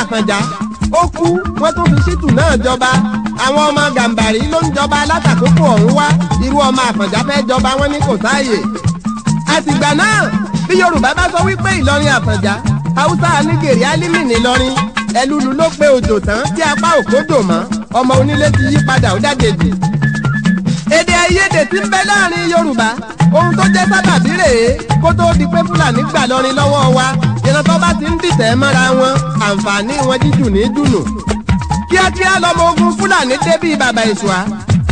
àkànjá ó kú wọ́n tún fi ṣítù náà jọba àwọn ọmọ gàǹbàrí ló ń jọba látàkókò ọ̀hún wá irú ọmọ àkànjá fẹ́ jọba wọn ní kò sáàyè àtìgbà náà bí yorùbá bá sọ wípé ìlọrin àkànjá haúsá anígèrè álímì nìlọrin ẹlúlu ló pe òjò tán tí apá òkó dò mọ́ ọmọ onílé ti yí padà ó dájèjì èdè àìyedè tí ń bẹ láàrin yorùbá ohun tó jẹ́ sábàbí rèé kó tóó di pé fúlàní gbà lọrin lọ́wọ́ wa ìran tó bá ti ń dìtẹ̀ mọ́ra wọn àǹfààní wọn jíjù ní jùnù. kíákíá lọmọ ogun fúlàní débí bàbá ìṣùà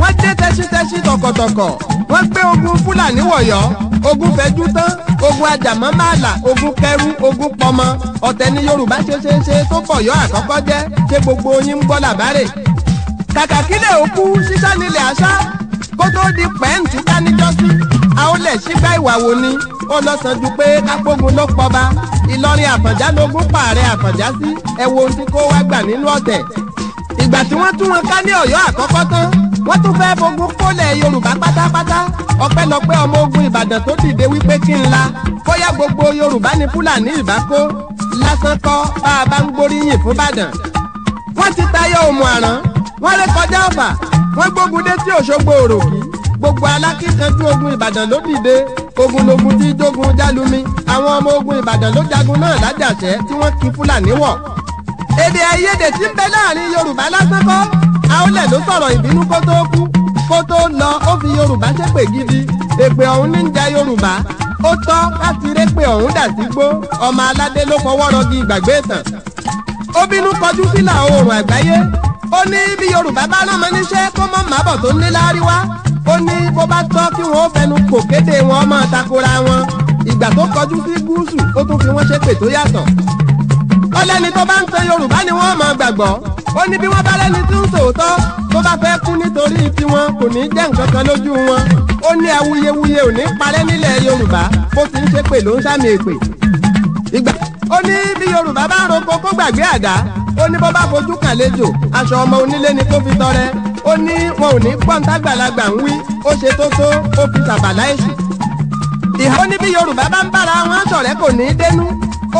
wọ́n dé tẹ́sítẹ́sí tọkọtọkọ wọ́n gbé ogun fúlàní wọ̀yọ́ ogun fẹ́jú tán ogun ajàmọ́ máàlà ogun kẹrú ogun pọmọ ọ̀tẹ̀ ni yorùbá ṣe ṣe ṣe tó fọ̀yọ́ àkọ́kọ́ jẹ́ ṣé gbogbo yín ń gbọ́ làbárẹ̀. kàkàkílẹ̀ òkú sísá nílẹ̀ kó tó di pẹ́ǹtì dáníjọ́sí a ó lẹ̀ ṣígbá ìwà wo ni ó lọ sàn ju pé kápógun ló pọba ìlọrin àfọ̀njá lógún pààrẹ àfọ̀njá sí ẹ wo ohun tí kó wá gbà nínú ọ̀tẹ̀ ìgbà tí wọ́n tún wọn ká ní ọ̀yọ́ àkọ́kọ́ tán wọ́n tún fẹ́ẹ́ fogun kólẹ̀ yorùbá pátápátá ọpẹ́lọpẹ́ ọmọ ogun ìbàdàn tó dìde wípé kí n la bóyá gbogbo yorùbá ni fúlàní ìbá kó lásán kọ́ bá a bá ń gbóríyìn fún ìbàdàn. wọ́n ti tayọ òmù àrán wọ́n rékọjá ọ̀fà wọ́n gbógun dé sí òṣogbo òròkì gbogbo alákìkanjú ogun ìbàdàn ló dìde ogun lógun tí jogun jálumi àwọn ọmọ ogun ìbàdàn ló jagun náà lájàṣẹ tí wọ́n kí fúlàní wọ̀. èdè àìyedè tí ń bẹ láàrin yorùbá lásán kọ́ àólẹ̀ ló sọ̀rọ̀ ìbínú kó tó kú kó tó lọ ó fi yorùbá ṣépè gidi èpè ọ̀hún ní ń jẹ yorùbá ó tọ́ láti ré pé ọ̀hún dà sí gbó ọmọ aládé ló fọwọ́ rọgí ìgbàgbé ìtàn. ó bínú kọjú sílà oòrùn àgbáyé ó ní bí yorùbá bá rán ọmọ níṣẹ́ kó mọ́ màbọ̀ tó ń lé láríwá ó ní bó bá tọ́ kí wọ́n fẹnu kò kéde wọn máa takora wọn ìgbà tó kọjú sí gúúsù ó tún fi wọ́n ṣépè tó yàtọ̀ ó tó bá ń tan yorùbá ni wọ́n máa gbàgbọ́ ó ní bí wọ́n bá lẹ́ni tí ń sòótọ́ tó bá fẹ́ kú nítorí tiwọn kò ní jẹ́ nǹkan kan lójú wọn ó ní awuyewuye ò ní parẹ́ nílẹ̀ yorùbá bó ti ń ṣépè ló ń sàmì èpè ìgbà ó ní bí yorùbá bá roko kó gbàgbé àga ó ní bó bá fojú kàn aṣọ ọmọ onílé ni kó fi tọrẹ ó ní wọn ò ní pọ́ńtàgbàlagbà ń wí ó ṣe tó tó ó fi tàbàlá èṣù. ìhà ó ní bí yorùbá bá ń bára wọn ṣọ̀rẹ́ kò ní í dénú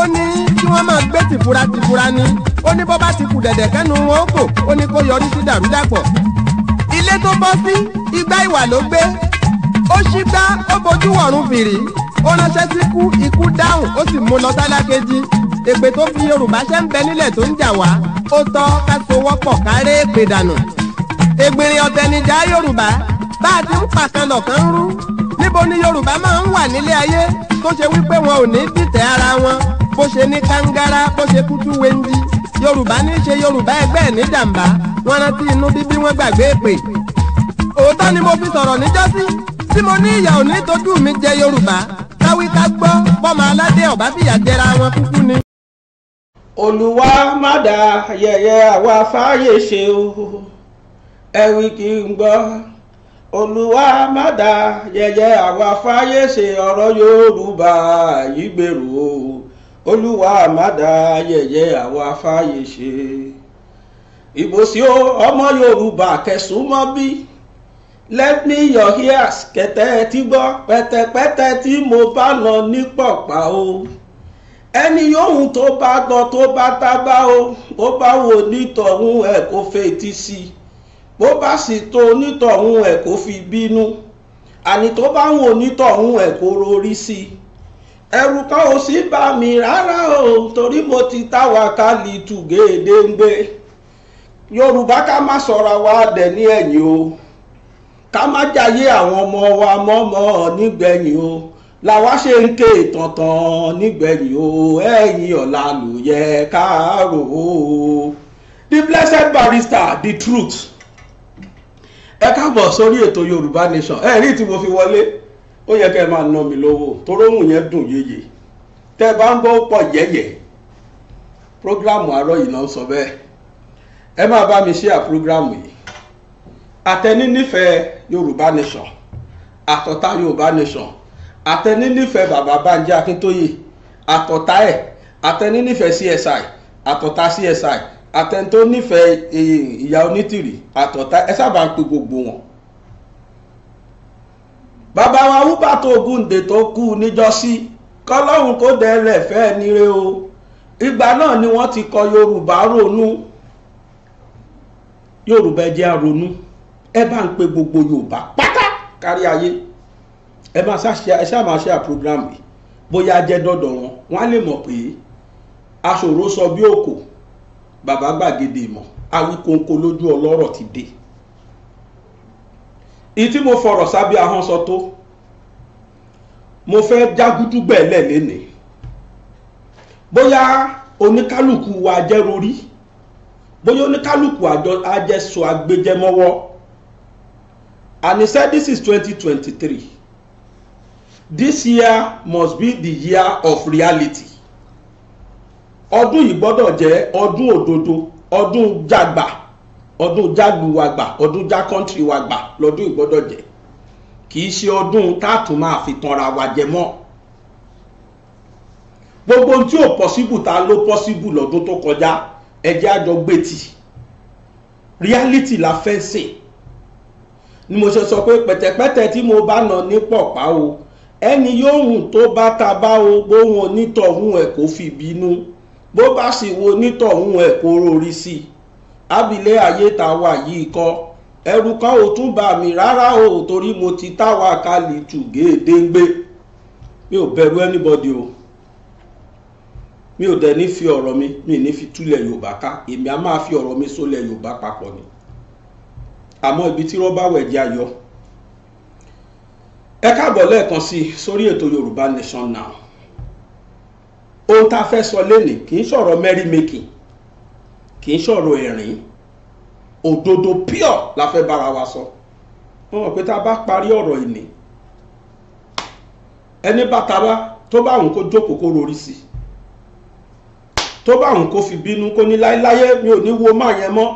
ó ní kí wọ́n máa gbé tìfura tìfura ni ó ní bó bá ti kù dẹ̀dẹ̀ kẹ́nu wọn ó kò ó ní kó yọrí sí dàrúdàpọ̀. ilé tó bọ́ sí igbá ìwà ló gbé ó ṣí gbá ó bojú wọ̀run fìrí ó ránṣẹ́ sí kú ikú dáhùn ó sì mú lọ sálákejì èpè tó fi yorùbá ṣẹ́ ń bẹ nílẹ̀ tó ń jà wá ó tọ́ ká sowọ́pọ̀ ká ré èpè dànù ègbèrè ọ̀tẹ̀nìjà yorùbá bá a ti ń pàkan lọ̀kan rú níbo ni yorùbá máa ń wà nílé ayé tó ṣe wípé wọn ò ní dìtẹ̀ ara wọn bó ṣe ní kàńgárá bó ṣe kútú wẹ́ndí yorùbá ní ṣe yorùbá ẹgbẹ́ ẹ̀ ní wọn rántí inú bíbí wọn gbàgbé pè òótọ́ ni mo fi sọ̀rọ̀ níjọ́sí tí mo ní ìyà òní tójú mi jẹ yorùbá káwí ká gbọ́ bọ́mọ aládé ọ̀bá fìyà jẹra wọn kúkú ni. olùwà má dà yẹ̀yẹ́ àwa fáyé ṣe o ẹ wí kí n gbọ́ olúwa má dá yẹ̀yẹ́ àwa fáyé ṣe ọ̀rọ̀ yorùbá yìí gbèrú o olúwa má dá yẹ̀yẹ́ àwa fáyé ṣe ìbò sí o ọmọ yorùbá kẹsùn mọ́ bí let me your ears kẹtẹ tí gbọ́ pẹ́tẹ́pẹ́tẹ́ tí mo bá lọ ní pọ̀pá o ẹni yòówù tó bá lọ tó bá tábá o tó bá wò nítọ̀hún ẹ̀ kó fetí sí i bó bá sì tó onítọ̀hún ẹ̀ kó fi bínú àní tó bá ń wo onítọ̀hún ẹ̀ kó rorí sí i ẹ̀rù kan ò sí bá mi rárá o torí mo ti táwa ká lè tù géèdéńgbé yorùbá ká má sọ̀ra wa dẹ̀ ní ẹ̀yìn o ká má jayé àwọn ọmọ wa mọ́mọ́ nígbẹ̀yìn o làwa ṣe ń ké tọ̀tàn nígbẹ̀yìn o ẹ̀yìn ọ̀la ló yẹ ká the blessed barrister the truth ẹ káàbọ̀ sórí ètò yorùbá nation ẹ rí tí mo fi wọlé ó yẹ kẹ́ ẹ máa ná mi lówó toróhùn yẹn dùn yéye tẹ́ ẹ bá ń bọ́ pọ̀ yẹ́yẹ́ prógrámù àárọ̀ yìí náà ń sọ bẹ́ẹ̀ ẹ máa bá mi ṣíà prógrámù yìí àtẹni nífẹ̀ẹ́ yorùbá nation àtọ̀tá yorùbá nation àtẹni nífẹ̀ẹ́ bàbá Bánjí Akíntóyè àtọ̀tá ẹ̀ àtẹni nífẹ̀ẹ́ CSI àtọ̀tá CSI àtẹ̀ntó nífẹ̀ẹ́ e, ìyá onítìrì àtọ̀tá ẹ sábà ń pe gbogbo wọn. bàbá wa wúbà tó gúnde tó kú níjọ́sí kọ́lọ́hún kó dẹ́rẹ̀ fẹ́ẹ́ nire o ìgbà náà ni wọ́n ti kọ yorùbá ronú yorùbá ẹ jẹ́ ronú ẹ bá ń pe gbogbo yorùbá pátá kárí ayé ẹ máa ṣàṣe ẹ ṣáà máa ṣe àprogram yìí bóyá jẹ́ dọ́dọ̀ wọn wọ́n á lè mọ̀ pé aṣòro sọ bí òkò bàbá gbàgede ìmọ̀ awíkóńkó lójú ọlọ́rọ̀ ti dé ìtí mo fọ̀rọ̀ sábẹ́ ahọ́n sọ tó mo fẹ́ jágúdúgbẹ̀ lẹ́lẹ́nìí bóyá oníkálùkù wa jẹ́rú rí bóyá oníkálùkù àjọ ajẹ́sọ agbẹjẹmọ́wọ́ and he said this is 2023 this year must be the year of reality ọdún yìí gbọ́dọ̀ jẹ́ ọdún òdodo ọdún jàgbà ọdún jágbu wa gbà ọdún já kọ́ńtì wa gbà lọ́dún yìí gbọ́dọ̀ jẹ́ kì í ṣe ọdún táàtù máa fi tanra wa jẹ mọ́ gbogbo tí ò pọ́síbù ta ló pọ́síbù lọ́dún tó kọjá ẹjẹ́ àjọ gbètì reality la fẹ́ ṣe ni mo ṣe sọ pé pẹ̀tẹ̀pẹ̀tẹ̀ tí mo bá nà ní pọ̀pá o ẹni yóò hùn tó bá ta bá o gbóhùn onítọ̀hún ẹ̀ kó fi bínú. E bó bá sì wo nítọ̀hún ẹ̀ kó rórí sí i abilẹ̀ ayé tá a wà yìí kọ́ ẹrù kan ò tún bà mí rárá o torí mo ti táwa kalì tù géèdéńgbé mi ò bẹ̀rù anybody o mi ò dẹ̀ ní fi ọ̀rọ̀ mi mi ní fi túlẹ̀ yorùbá ká èmi á máa fi ọ̀rọ̀ mi sólẹ̀ yorùbá papọ̀ ni àmọ́ ibi tí rọ́bà wẹ̀ jẹ́ ayọ̀ ẹ káàbọ̀ lẹ́ẹ̀kan sí sórí ètò yorùbá nation now ohun tá fẹ́ sọ lénìí kì í sọ̀rọ̀ merry making kì í sọ̀rọ̀ ẹ̀rín òdodo pure la fẹ́ bára wa sọ mo mọ̀ pé tá a bá parí ọ̀rọ̀ ìní ẹni bàtà wa tó bá òun kó jókòó kó rorí sí i tó bá òun kó fi bínú kó ní láéláyé mi ò ní wo máa yẹn mọ́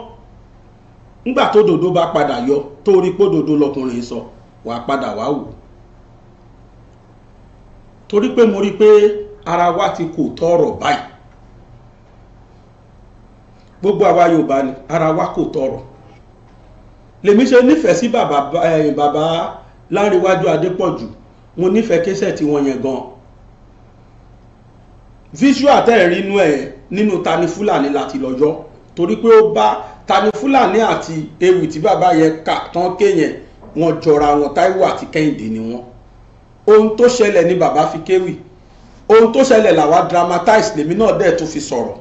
nígbà tó dòdó bá padà yọ tó rí pé dòdó lọkùnrin sọ wàá padà wá wò torí pé mo rí i pé. ara wa ti kò tọrọ báyìí gbogbo àwa Yorùbá ni ara wa kò tọrọ lèmi ṣe nífẹ̀ẹ́ sí bàbá bàbá Láńrewájú Adépọ̀jù mo nífẹ̀ẹ́ késẹ̀ tí wọ́n yẹn gan visual tẹ́ẹ̀rí inú ẹ̀ nínú Tani Fúlàní láti lọ́jọ́ torí pé ó bá Tani Fúlàní àti ewì tí bàbá yẹn kà tán kéyẹn wọn jọra wọn Táíwò àti Kẹ́hìndé ni wọn ohun tó ṣẹlẹ̀ ni bàbá fi kéwì ohun tó ṣẹlẹ̀ làwa dramatize lèmi náà dẹ̀ tún fi sọ̀rọ̀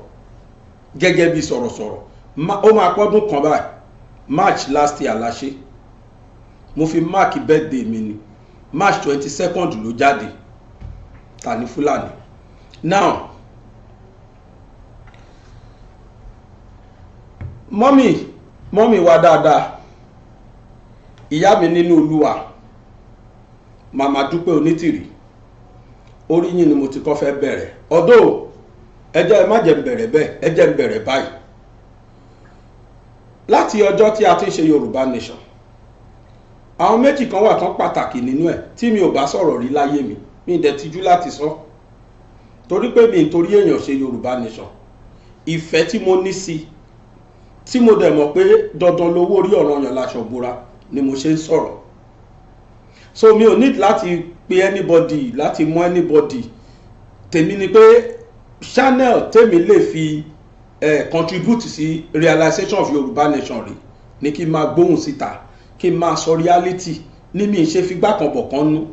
gẹ́gẹ́ bí sọ̀rọ̀sọ̀rọ̀ ó máa pọ́dún kan báyìí march last year la ṣe mo fi mark birthday mi ni march twenty second ló jáde ta ni fúlàní now mọ́mì mọ́mì wa dáadáa ìyá mi nínú olúwa màmá dúpẹ́ onítìrì orí yín ni mo ti kọ́ fẹ́ bẹ̀rẹ̀ ọ̀dọ́ ẹ jẹ́ ẹ má jẹ́ ń bẹ̀rẹ̀ bẹ́ẹ̀ ẹ jẹ́ ń bẹ̀rẹ̀ báyìí láti ọjọ́ tí a ti ṣe Yorùbá Nation àwọn méjì kan wà kan pàtàkì nínú ẹ̀ tí mi ò bá sọ̀rọ̀ rí láyé mi mi dẹ̀ tijú láti sọ torí pé mi nítorí èèyàn ṣe Yorùbá Nation ìfẹ́ tí mo ní sí tí mo dẹ̀ mọ̀ pé dandan lowó orí ọ̀ranyàn láṣọ bora ni mo ṣe ń sọ̀rọ̀ so mi ò need láti pe anybody láti mú anybody tèmi ni pé channel tèmi lè fi eh, contribute sí realization of Yorùbá nation rè ni kí n máa gbóhùn síta kí n máa sọ reality ní mi ṣe fi gbà kan bọ̀ kan nú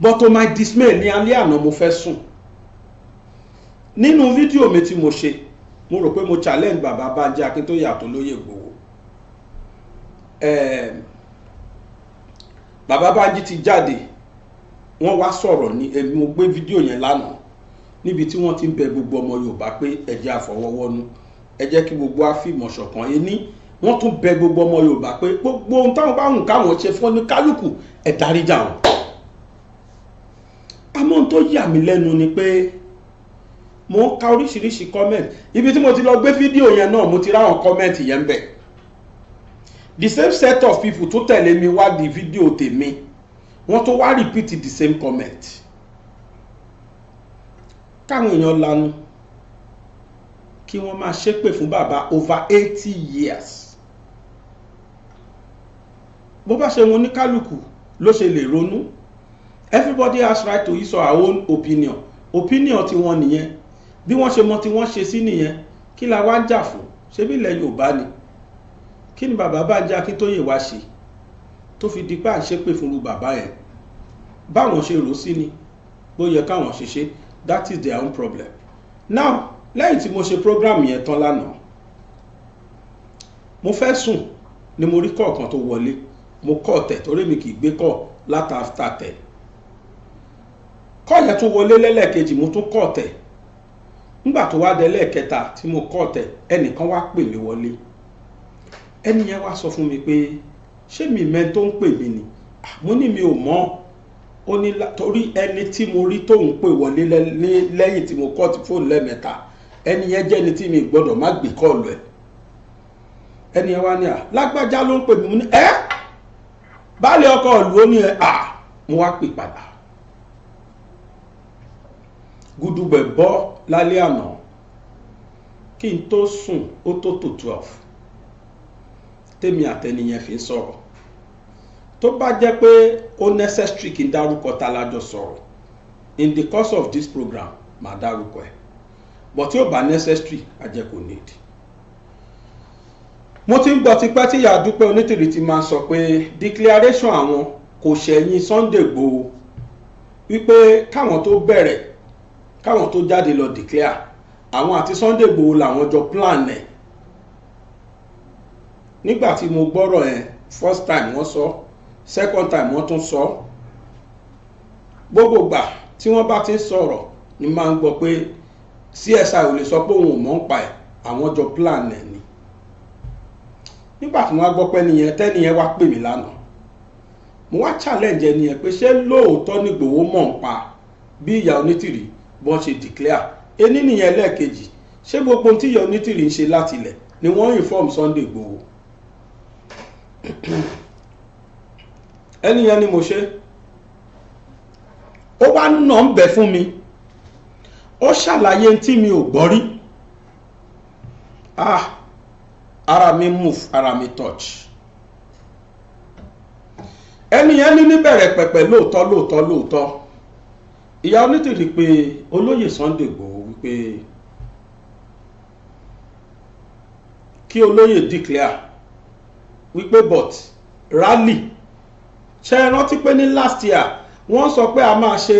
but to my dismay ni alẹ́ àná mo fẹ́ sùn nínú fídíò mi tí mo ṣe mo rò pé mo challenge bàbá Bánjí Akíntóyè àtolóyè Ìgbòho um, bàbá Bánjí ti jáde wọ́n wá sọ̀rọ̀ ní ẹni mo gbé fídíò yẹn lánàá níbi tí wọ́n ti ń bẹ gbogbo ọmọ Yorùbá pé ẹ jẹ́ àfọwọ́wọ́nú ẹ jẹ́ kí gbogbo á fìmọ̀ ṣọ̀kan ení wọ́n tún bẹ gbogbo ọmọ Yorùbá pé gbogbo ohun táwọn bá hùn káwọn ṣe fún ní kálukú ẹ dáríjà wọn. àmọ́ ohun tó yà mí lẹ́nu ni pé mo ń ka oríṣiríṣi comment ibi tí mo ti lọ gbé fídíò yẹn náà mo ti ráwọn comment yẹn bẹ́ẹ̀ the same set of people tó tẹ̀lé mi wá di fídíò tèmi wọ́n tó wá repeat the same comment káwọn èèyàn lanu kí wọ́n máa ṣépè fún bàbá over eighty years bó bá ṣe wọn ní kálukú ló ṣe lè ronú everybody has right to use our own opinion opinion ti wọn nìyẹn bí wọ́n ṣe mọ tí wọ́n ṣe sí nìyẹn kí la wá ń jà fún ṣebí ilẹ̀ Yorùbá ni kí ni bàbá Bánjí Akíntóyè wá ṣe tó fi di pa àṣepè fún irú bàbá yẹn báwọn ṣe rò sí ni bó yẹ káwọn ṣe ṣe that is their own problem now lẹ́yìn tí mo ṣe program yẹn tán lánàá mo fẹ́ sùn ni mo rí kọ̀ọ̀kan tó wọlé mo kọ̀ tẹ̀ torí mi kì í gbé kọ̀ látàtà tẹ̀ kọ̀ yẹn tún wọlé lẹ́lẹ́kejì mo tún kọ̀ tẹ̀ nígbà tó wá dé lẹ́ẹ̀kẹta tí mo kọ̀ tẹ̀ ẹnìkan wá pè mí wọlé ẹni yẹn wá sọ fún mi pé ṣé mi mẹ́ tó ń pè mí ni ah, mo ní mi ò mọ̀ ó ní torí ẹni tí mo rí tóun pè wọlé lẹ́yìn tí mo kọ́ ti fóònù lẹ́ẹ̀mẹ́ta ẹni yẹn jẹ́ ẹni tí mi gbọ́dọ̀ má gbé kọ́ọ̀lù ẹ̀ ẹni yẹn wá ní à lágbájá ló ń pè mí ní ẹ́ baálé ọkọ ìlú ó ní ẹ à ah, mo wá pè padà gudugbẹ̀ bọ́ lálẹ́ àná kí n tó sùn ó tó tó twelve tèmi àtẹnìyẹn fi ń sọ̀rọ̀ tó bá jẹ́ pé ó necessary kí n dárúkọ ta lájọ sọ̀rọ̀ in the course of this program màá dárúkọ ẹ̀ but tí ò bá necessary a jẹ́ kò need. mo ti ń gbọ́ tipẹ́ tí ìyá Dúpẹ́ Onítìrí ti máa sọ pé declaration àwọn kò ṣẹ̀yìn Sunday Igboho wípé káwọn tó bẹ̀rẹ̀ káwọn tó jáde lọ declare àwọn àti Sunday Igboho làwọn jọ plan ẹ̀ nígbà tí mo gbọ́rọ̀ ẹ̀ first time wọ́n sọ second time wọ́n tún sọ gbogbo gbà tí wọ́n bá ti ń sọ̀rọ̀ ni máa ń gbọ́ pé csi ò lè sọ pé òun ò mọ̀ ń pa ẹ̀ àwọn jọ plan ẹ̀ ni nígbà tí wọ́n á gbọ́ pé nìyẹn tẹ́nìyẹn wá pè mí lánàá mo wá challenge ẹni yẹn pé ṣé lóòótọ́ ni Ìgbòho mọ̀ ń pa bí ìyá onítìrì bọ́n ṣe declare ení nìyẹn lẹ́ẹ̀kejì ṣé gbogbo ohun tí ìyá onítìrì ń ṣe látilẹ̀ ni wọ́n inform Sunday Ìgbòho ẹni yẹn ni mo ṣe ó wá nà ń bẹ̀ fún mi ó ṣàlàyé tí mi ò gbọ́ rí ah ara mi move ara mi touch ẹni yẹn ní níbẹ̀rẹ̀ pẹ̀pẹ̀ lóòótọ́ lóòótọ́ lóòótọ́ ìyá onítìrí pé olóyè Sunday Igboho wípé kí olóyè declare wípé but rally ṣe é rántí pé ní last year wọ́n sọ pé a máa ṣe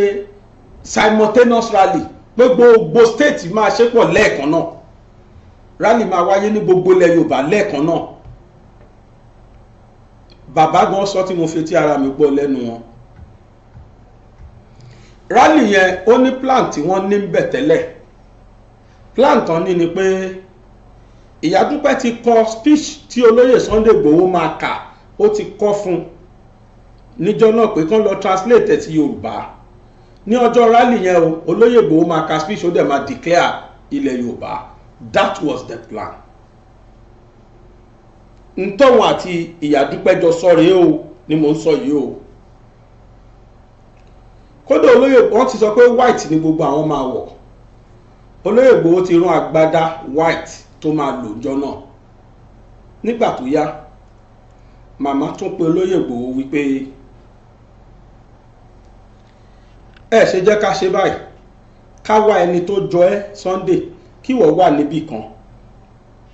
simultaneous rally pé gbogbo state máa ṣe pọ̀ lẹ́ẹ̀kan náà rally máa wáyé ní gbogbo ilẹ̀ Yorùbá lẹ́ẹ̀kan náà bàbá gan sọ tí mo fi tí ara mi gbọ́ lẹ́nu wọn rally yẹn ó ní plan tí wọ́n ní ń bẹ̀ tẹ́lẹ̀ plan tán ní ni pé. Pe ìyá dúpẹ́ ti kọ speech tí olóyè Sunday Igboho máa kà ó ti kọ́ fún un níjọ́ náà pé kán lọ translate ti yorùbá ní ọjọ́ rally yẹn o olóyè Igboho máa ka speech ó dẹ̀ máa declare ilẹ̀ yorùbá that was the plan ntọ́wọ̀n àti ìyá dúpẹ́ jọ sọ rèé o ni mò ń sọ yìí o kódà olóyè wọn ti sọ pé white ni gbogbo àwọn máa wọ̀ olóyè Igboho ti rán agbádá white tó máa lò jọ náà nígbà tó yá màmá tún pe olóyè Ìgbòho wípé ẹ ṣe jẹ́ ká ṣe báyìí ká wá ẹni tó jọ ẹ́ Sunday kí wọ́n wà níbì kan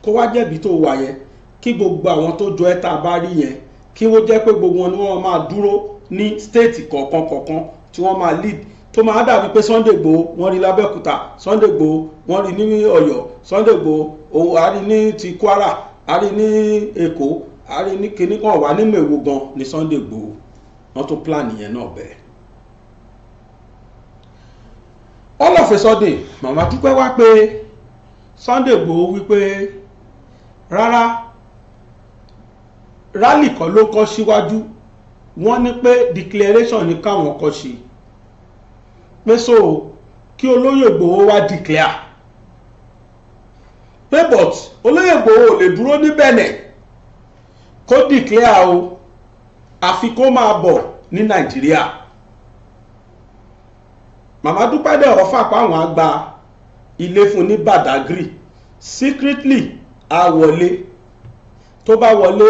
kó wá jẹ̀bi tó wà yẹn kí gbogbo àwọn tó jọ ẹ́ tá a bá rí yẹn kí wọ́n jẹ́ pé gbogbo wọn ni wọ́n máa dúró ní stéètì kọ̀ọ̀kan kọ̀ọ̀kan tí wọ́n máa lead tó máa dàbí pé Sunday Igboho wọ́n rí lábẹ́òkúta Sunday Igboho wọ́n rí ní ọ̀yọ́ Sunday Igboho òun àárí ní ti Kwara àárí ní Èkó àárí ní kinní kan wà nínú èwo gan ní Sunday Igboho wọ́n tún plan yẹn náà bẹ́ẹ̀. all of a sudden màmá dúpẹ́ wá pé Sunday Igboho wípé rárá rálì kan ló kọ́ síwájú wọ́n ní pé declaration ní káwọn kọ́ sí pé so kí olóyè Igboho wá declare pé but olóyè Ìgbòho lè dúró ní Benin kó declare o àfi kó máa bọ̀ ní Nàìjíríà màmá dúpẹ́ dẹ̀ ọ̀fà páwọn àgbà ilé fún ní Badagry secretly a wọlé tó bá wọlé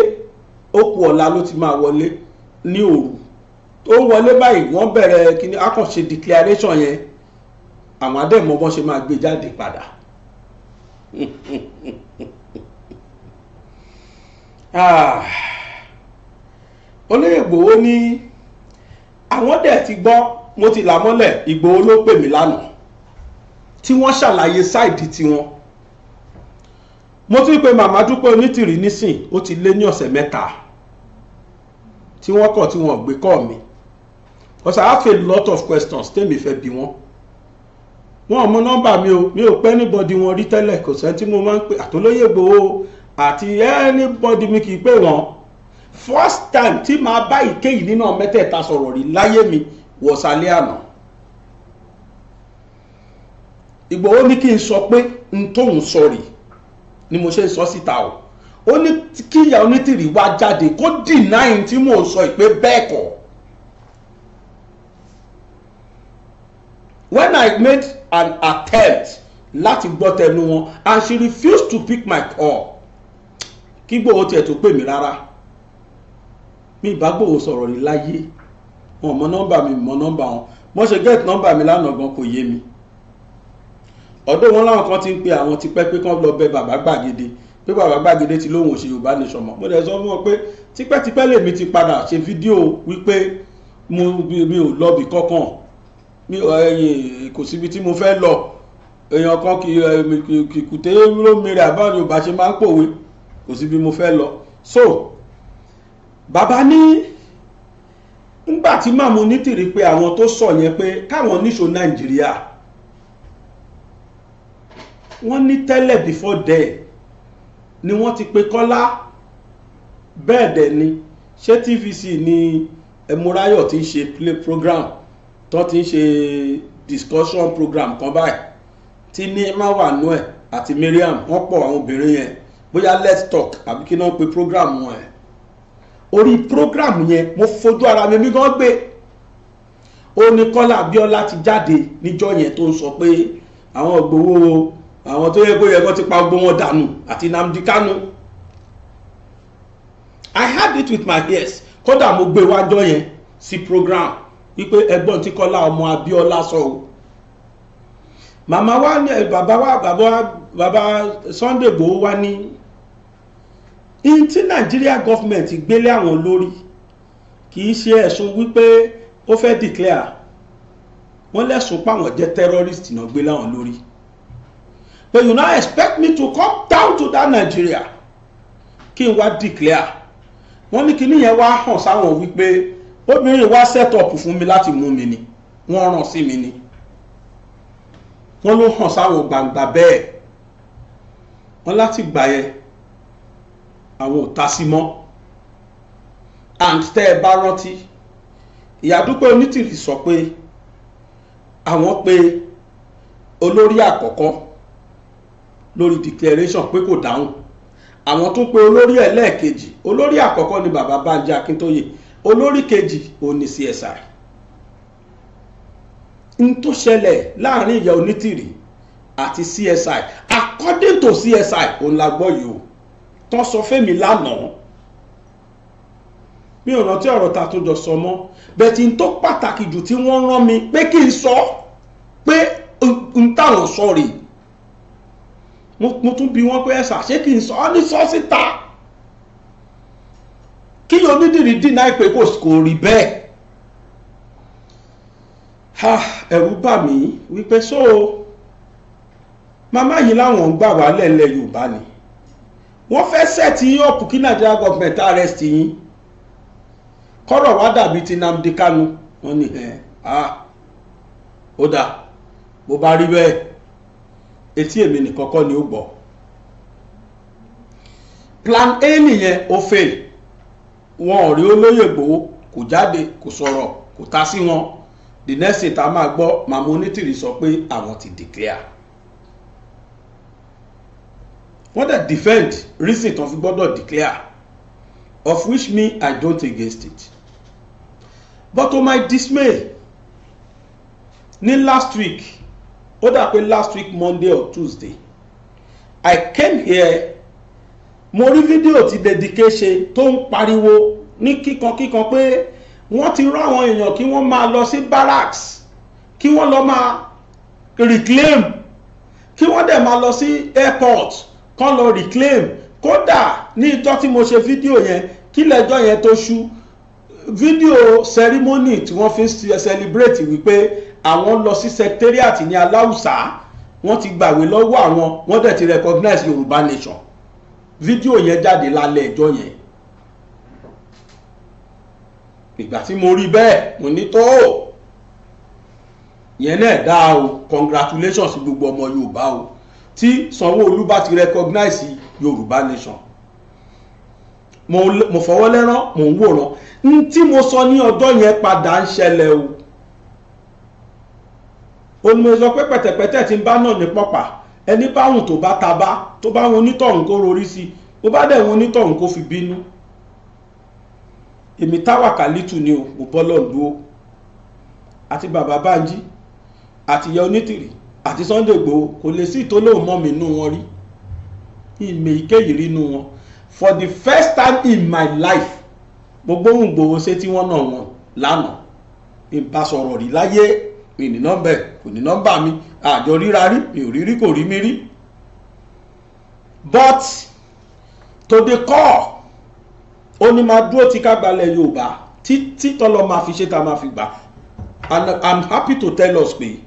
ó kù ọ̀la ló ti máa wọlé ní òru tó ń wọlé báyìí wọ́n bẹ̀rẹ̀ kí ni a kàn ṣe declaration yẹn àwọn adẹ́mọ̀ bọ́n ṣe máa gbé jáde padà Ah. olóyè Ìgbòho ní àwọn dẹ̀ ti gbọ́ mo ti là mọ́lẹ̀ Ìgbòho ló pè mí lánàá tí wọ́n ṣàlàyé sáìdì tiwọn mo tún pe màmá dúpẹ́ onítìrí nísìn ó ti lé ní ọ̀sẹ̀ mẹ́ta tí wọ́n kọ̀ tí wọ́n gbé kọ́ mi because I have a lot of questions tẹ́mi fẹ́ bi wọ́n wọn ò mọ nọ́mbà mi o mi ò pẹ́ níbọ̀dì wọn rí tẹ́lẹ̀ kò sẹ́ tí mo máa ń pè àtolóyè gbowó àti anybody mi kì í pè wọ́n first time tí màá bá ìkéyìí nínú mẹ́tẹ̀ẹ̀ta sọ̀rọ̀ rí láyé mi wọ̀sálẹ́ àná Ìgbòho ní kí n sọ pé n tóun sọ ni mo ṣe sọ síta o ó ní kíyà onítìrí wá jáde kó dìnnáyìn tí mò ń sọ ìpè bẹ́ẹ̀ kọ́ when i made an attempt láti gbọ́ tẹnu wọn and she refused to pick my call kí Ìgbòho tiẹ̀ tó pè mí rárá mi ìbá Ìgbòho sọ̀rọ̀ rí láyé wọn mọ nọ́mbà mi mọ nọ́mbà wọn mo ṣe get nọ́mbà mi lánàá gan kò yé mi ọ̀dọ̀ wọn láwọn kan ti ń pe àwọn tipẹ́ pé kán lọ bẹ bàbá gbàgede pé bàbá gbàgede ti lóun ò ṣe Yorùbá nation mọ́ mo dẹ̀ sọ fún wọn pé tipẹ́tipẹ́ lèmi ti padà ṣe fídíò wípé mo mi ò lọ bì kankan mi ẹ̀yìn eh, eh, kò síbi tí mo fẹ́ lọ èèyàn kan kìkùté eh, lómìnira àbáwọn yorùbá ṣe máa ń pòwe kò síbi mo fẹ́ lọ so bàbá ní ńgbà tí màmú nítìrí pé àwọn tó sọ yẹn pé káwọn níṣó nàìjíríà wọ́n ní tẹ́lẹ̀ before then ni wọ́n ti pe kọ́lá bẹ́ẹ̀ dẹ̀ ni ṣé tvc ni ẹmúráyọ̀ ti ń ṣe play program tó ti ń ṣe discussion program kan báyìí tí ní emma wà nú ẹ̀ àti Mariam wọ́n pọ̀ àwọn obìnrin yẹn bóyá let's talk àbí kí náà pe program wọn ẹ̀ orí program yẹn mo fojú ara mi mi gan gbé ó ní Kọ́lá Abíọ́lá ti jáde níjọ́ yẹn tó ń sọ pé àwọn ògbówó àwọn tó yẹ kó yẹ kó ti pa gbogbo wọn dànù àti Nnamdi Kanu I had it with my ears kódà mo gbé wájọ́ yẹn sí program wípé ẹgbọ́n tí Kọ́lá ọmọ Abíọ́lá sọ o màmá wa ní bàbá wa bàbá bàbá Sunday Igboho wa ní in tí Nigeria government gbélé àwọn lórí kì í ṣe ẹ̀sùn wípé ó fẹ́ declare wọ́n lẹ́sùn páwọn jẹ́ terrorist náà gbélé àwọn lórí but you now expect me to come down to that Nigeria kí n wá declare wọ́n ní kí nìyẹn wá hàn sáwọn wípé obìnrin wá sẹ́tọ̀pù fún mi láti mú mi ni wọ́n ràn sí mi ni wọ́n ló hàn sáwọn gbangba bẹ́ẹ̀ wọ́n láti gbà yẹn àwọn ò tasí mọ́ and tẹ́ ẹ bá rántí ìyàdúpẹ́ onítìrì sọ pé àwọn pe olórí àkọ́kọ́ lórí declaration pé kò dáhùn àwọn tó pe olórí ẹlẹ́ẹ̀kejì olórí àkọ́kọ́ ni bàbá Bánjí Akíntóyè olórí kejì òun ni CSR n tó ṣẹlẹ̀ láàrin ìyá onítìrì àti CSI according to CSI òun la gbọ́ yìí o tán sọ fẹ́mi lánàá mi ò rántí ọ̀rọ̀ ta tó jọ sọ mọ́ bẹ́ẹ̀ tí n tó pàtàkì jù tí wọ́n rán mi pé kí n sọ pé n táwọn sọ rèé mo tún bi wọ́n pé ẹ̀sà ṣé kí n sọ ọ́ ní sọ síta. So kí ló ní dínà pé kò rí bẹ́ẹ̀ ẹ̀rù bà mí wípé so màmá yìí láwọn ń gbà wá lẹ́lẹ̀ yorùbá ni wọ́n fẹ́ sẹ́ẹ̀tì yọ̀pù kí nigeria government arrest yín kọ́rọ̀ wá dàbí ti Nnamdi Kanu wọ́n ní ẹ̀ á ó dà bó bá rí plan a nìyẹn ó fail wọn ò rí olóyè Ìgbòho kò jáde kò sọ̀rọ̀ kò ta sí wọn the next thing tá a máa gbọ́ màmú onítìrì sọ pé àwọn ti declare wọ́n dẹ̀ defend reason tó fi gbọ́dọ̀ declare of which me I don't against it but to my dismay ní last week ó dà pé last week Monday or Tuesday I came here mo rí fídíò tí Dédìké ṣe tó ń pariwo ní kíkankíkan pé wọ́n ti rán àwọn èèyàn kí wọ́n máa lọ sí barracks kí wọ́n lọ máa reclaim kí wọ́n dẹ̀ máa lọ sí airport kán lọ reclaim kódà ní ìjọ́ tí mo ṣe fídíò yẹn kílẹ̀jọ́ yẹn tó ṣú fídíò sẹrímọ́nì tí wọ́n fi ń celebrate wípé àwọn lọ sí secretariat ní aláùsá wọ́n ti gbàwé lọ́wọ́ àwọn wọ́n dẹ̀ ti recognize yorùbá nation fídíò yẹn jáde lálẹ́ ẹjọ́ yẹn ìgbà tí mo rí bẹ́ẹ̀ mo ní tó yẹn náà dáa o congratulations sí gbogbo ọmọ Yorùbá o tí Sanwó-Olú bá ti recognize Yorùbá nation mo fọwọ́ lẹ́rán mo ń wòran n tí mo sọ ní ọjọ́ yẹn padà ń ṣẹlẹ̀ o olùmọ̀ọ́sọ pé pẹ̀tẹ̀pẹ̀tẹ̀ ti ń bá náà ní pọ́pà ẹni báwùn tó bá tabá tó bá wọn onítọ̀hún kó rorí sí bó bá dẹ̀ wọn onítọ̀hún kó fi bínú èmi táwàkálítù ni o mo bọ́ lọ́ọ̀lù àti bàbá Bánjí àti ìyá onítìrì àti Sunday Igboho kò lè sí ìtòlóòmọ́ mi nú wọn rí ìmẹ̀ ìkéyìí rí nú wọn for the first time in my life gbogbo ohun gbòho ṣe tí wọ́n náà wọn lánàá ìbá sọ̀rọ̀ rí láyé ìní nọ́mbẹ̀ mi àjọ ríra rí mi ò rírí kò rí mi rí but to the core ó ní máa dúró ti ká gbalẹ̀ Yorùbá títí tọ́lọ́ máa fi ṣe tá máa fi gbà and I'm happy to tell us pé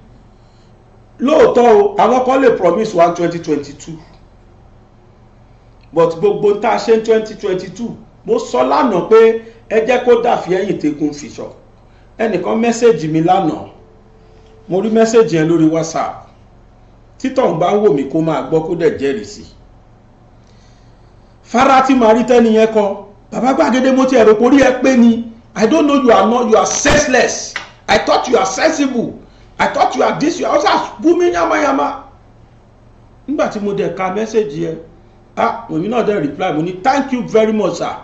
lóòótọ́ o àwọn kan lè promise one twenty twenty two but gbogbo tá a ṣe ní twenty twenty two mo sọ lánàá pé ẹ jẹ́ kó dàfí ẹ̀yìn tẹ́kùn fìṣọ ẹnìkan mẹ́sẹ̀jì mi lánàá mo rí mẹ́sẹ̀jì yẹn lórí whatsapp títọ̀ ń bá ń wò mí kó máa gbọ́ kó dẹ̀ jẹ́rìí sí i fara tí màá rí tẹ́ni yẹn kọ bàbá gbàgede mo ti ẹ̀rọ kò rí ẹ pé ni i don't know you are not you are senseless i thought you are sensible i thought you are this you are also bú mi yamayama nígbà tí mo dẹ̀ ka mẹ́sẹ̀jì yẹn ah èmi náà dẹ̀ reply mo ní thank you very much sir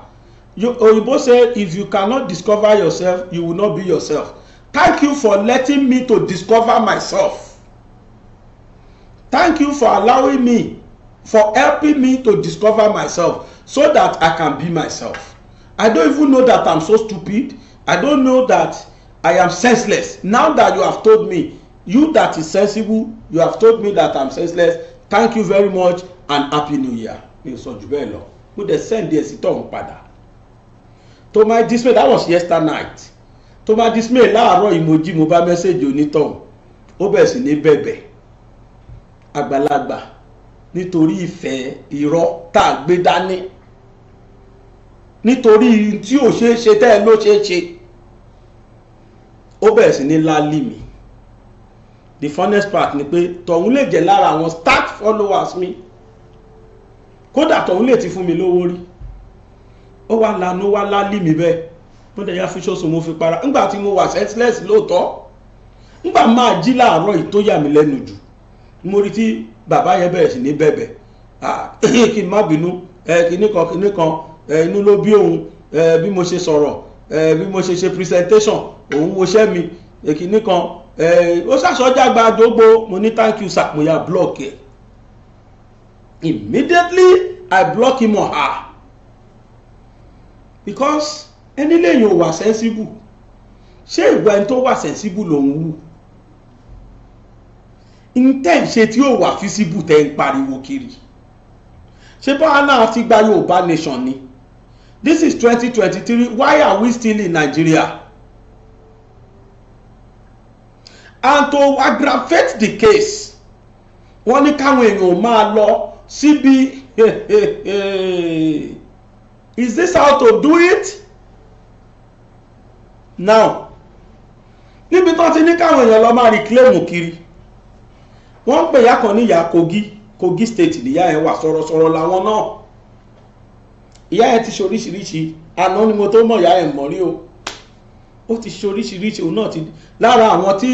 you oyinbo say if you cannot discover yourself you will not be yourself Thank you for letting me to discover myself. Thank you for allowing me, for helping me to discover myself so that I can be myself. I don't even know that I'm so stupid. I don't know that I am senseless. Now that you have told me, you that is sensible, you have told me that I'm senseless. Thank you very much and happy new year. Mi ò sọ jù bẹ́ẹ̀ lọ. Mo dẹ̀ send díẹ̀ sí padà. To my dismay, that was yesterday night. Thomas Dismay láàárọ̀ ìmọ̀jì mo bá mẹ́sẹ̀jì onítọ̀hún ó bẹ̀ sí ní bẹ̀bẹ̀ àgbàlagbà nítorí ìfẹ́ irọ́ tá a gbé dání nítorí tí ò ṣeé ṣe tẹ́ ẹ ló ṣeé ṣe ó bẹ̀rẹ̀ sí ní lálì mi the funnest part ni pé tọ̀hún lè jẹ́ lára àwọn start followers mi kódà tọ̀hún lè ti fún mi lówó rí ó wá lanú wá lálì mi bẹ́ẹ̀ mo dẹ̀ ya fi ṣoṣo mo fi para ńgbà tí mo wà senseless lóòótọ́ ńgbà máa jí láàárọ̀ yìí tó yà mí lẹ́nu jù mo rí tí bàbá yẹn bẹ̀rẹ̀ sí ní bẹ̀bẹ̀ kí n má bínú kíní kan kíní kan inú ló bí òun bí mo ṣe sọ̀rọ̀ bí mo ṣe ṣe presentation òun woṣẹ́ mi kíní kan ó ṣàṣọjàgbà àdógbò mo ní thank you sir mo ya block ẹ̀ immediately I block him or her because ẹni lẹ́yìn ò wà sẹ́ńsíbù ṣé ìwà ẹni tó wà sẹ́ńsíbù lòun wù ntẹ́ ń ṣe tí ó wà físíbù tẹ́ ń pariwo kiri ṣé báwa náà ti gba Yorùbá nation ni this is 2023. why are we still in Nigeria and to aggravate the case wọ́n ní káwọn èèyàn máa lọ síbi is this how to do it? now níbi tó ti ní káwọn èèyàn lọ máa reclaim kiri wọ́n ń pè ìyá kan ní Kogi Kogi state níyà ẹ̀ wà sọ̀rọ̀sọ̀rọ̀ làwọn náà ìyá ẹ̀ ti ṣe àná ni mo tó mọ̀ ìyá ẹ̀ mọ̀ rí o ó ti ṣe oríṣiríṣi òun náà ti lára àwọn tí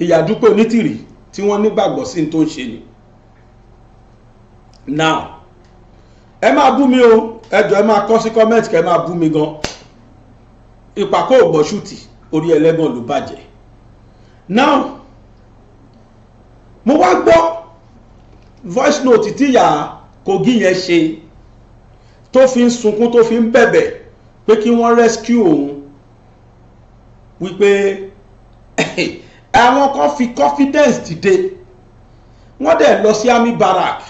ìyàdúpẹ́ onítìrì tí wọ́n nígbàgbọ́ sí tó ń ṣe ni now ẹ máa bú mi o ẹ jọ̀ọ́ ẹ máa kọ sí comment kẹ máa bú mi gan ìpàkó ògbọ́sùtì orí ẹlẹ́gàn ló bàjẹ́ now mo wá gbọ́ voice note tíyà Kogi yẹn ṣe tó fi ń sunkún tó fi ń bẹ̀bẹ̀ pé kí wọ́n rescue òun wípé àwọn kan fi confidence dìde wọ́n dẹ̀ lọ sí army barrack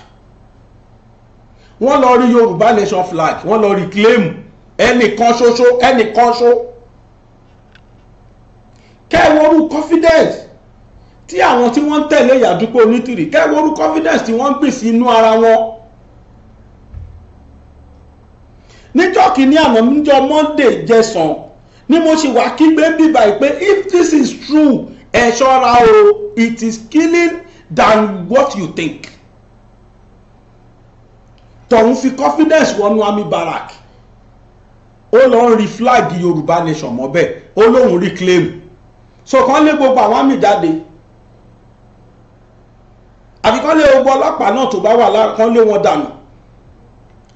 wọ́n lọ rí Yorùbá nation flag wọ́n lọ rí claim ẹnìkan ṣoṣo ẹnìkan ṣoṣo kẹ́wọ́rú confidence tí àwọn tí wọ́n ń tẹ̀lé ìyàdúpọ̀ onítìrì kẹ́wọ́rú confidence tí wọ́n ń gbìn sí inú ara wọn. níjọ́ kìíní àná níjọ́ monday jẹsàn ni mo ṣe wá kígbe bí báyìí pé if this is true ẹ ṣọ́ra o it is killing than what you think. tọ̀hún fi confidence wọnú army barrack ó lọ ń rí flag yorùbá nation mọ́bẹ̀ ó lóun reclaim so kán lé gbogbo àwọn àmì jáde àfi kán lé gbogbo ọlọ́pàá náà tó bá wà lára kán lé wọn dànù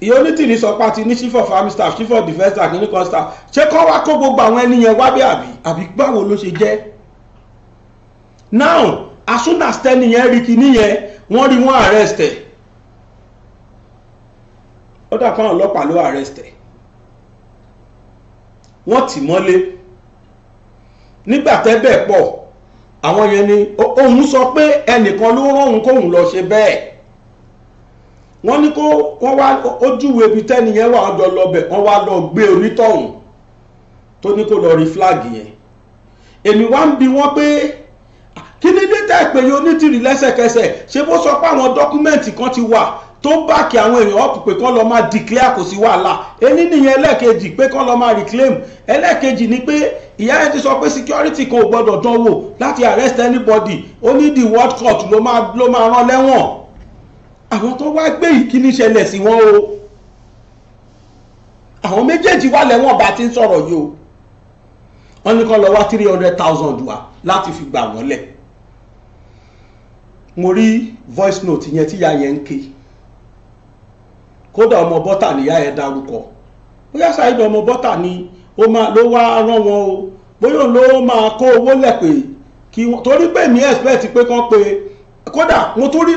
ìyá onítìrí sọ pati ní chief of army staff chief of defence staff kìíní kan staff ṣé kán wá kó gbogbo àwọn ẹni yẹn wá bí àbí àbí báwo ló ṣe jẹ́ now as soon as tẹ́ni yẹn rí kíní yẹn wọ́n rí wọ́n arrest ẹ̀ ó dà pé àwọn ọlọ́pàá ló arrest ẹ̀ wọ́n tì mọ́lé nígbà tẹ́bẹ̀ pọ̀ àwọn yẹn ni òun sọ pé ẹnìkan ló rán òun kóun lọ ṣe bẹ́ẹ̀ wọ́n ní kó wọ́n wá ojúwe ibi tẹ́niyẹn wà ọjọ́ lọ́bẹ̀ wọ́n wá lọ gbé onítọ̀hún tó ní kó lọ rí fúláàgì yẹn èmi wá ń bi wọ́n pé kí ni dẹ́tà ìpè yìí onítìrì lẹ́sẹ̀kẹsẹ̀ ṣé bó sọ pé àwọn dọ́kúmẹ́ǹtì kan ti wà tó báàkì àwọn èèyàn ọ̀pù pé kán lọ máa declare kò sí wàhálà ení nìyẹn ẹlẹ́ẹ̀kejì pé kán lọ máa reclaim ẹlẹ́ẹ̀kejì ni pé ìyá yẹn ti sọ pé security kò gbọdọ̀ dán wò láti arrest anybody ó ní the world court ló máa ló máa rán lẹ́wọ̀n àwọn tó wá gbé ìkíni ṣẹlẹ̀ sí wọn o àwọn méjèèjì wà lẹ́wọ̀n bá ti ń sọ̀rọ̀ yìí o wọ́n ní kó lọ wá three hundred thousand wá láti fi gbà wọ́n lẹ̀ mo rí voice note yẹn tíya yẹn ń ké kódà ọmọ bọ́tà níyà yẹn dárúkọ bóyá ṣáà ìdá ọmọ bọ́tà ni ó máa ló wá rán wọn o bóyá òun ló máa kó owó lẹ̀pẹ̀ kí wọ́n torí pé mi expect pé kán pé kódà mo tún rí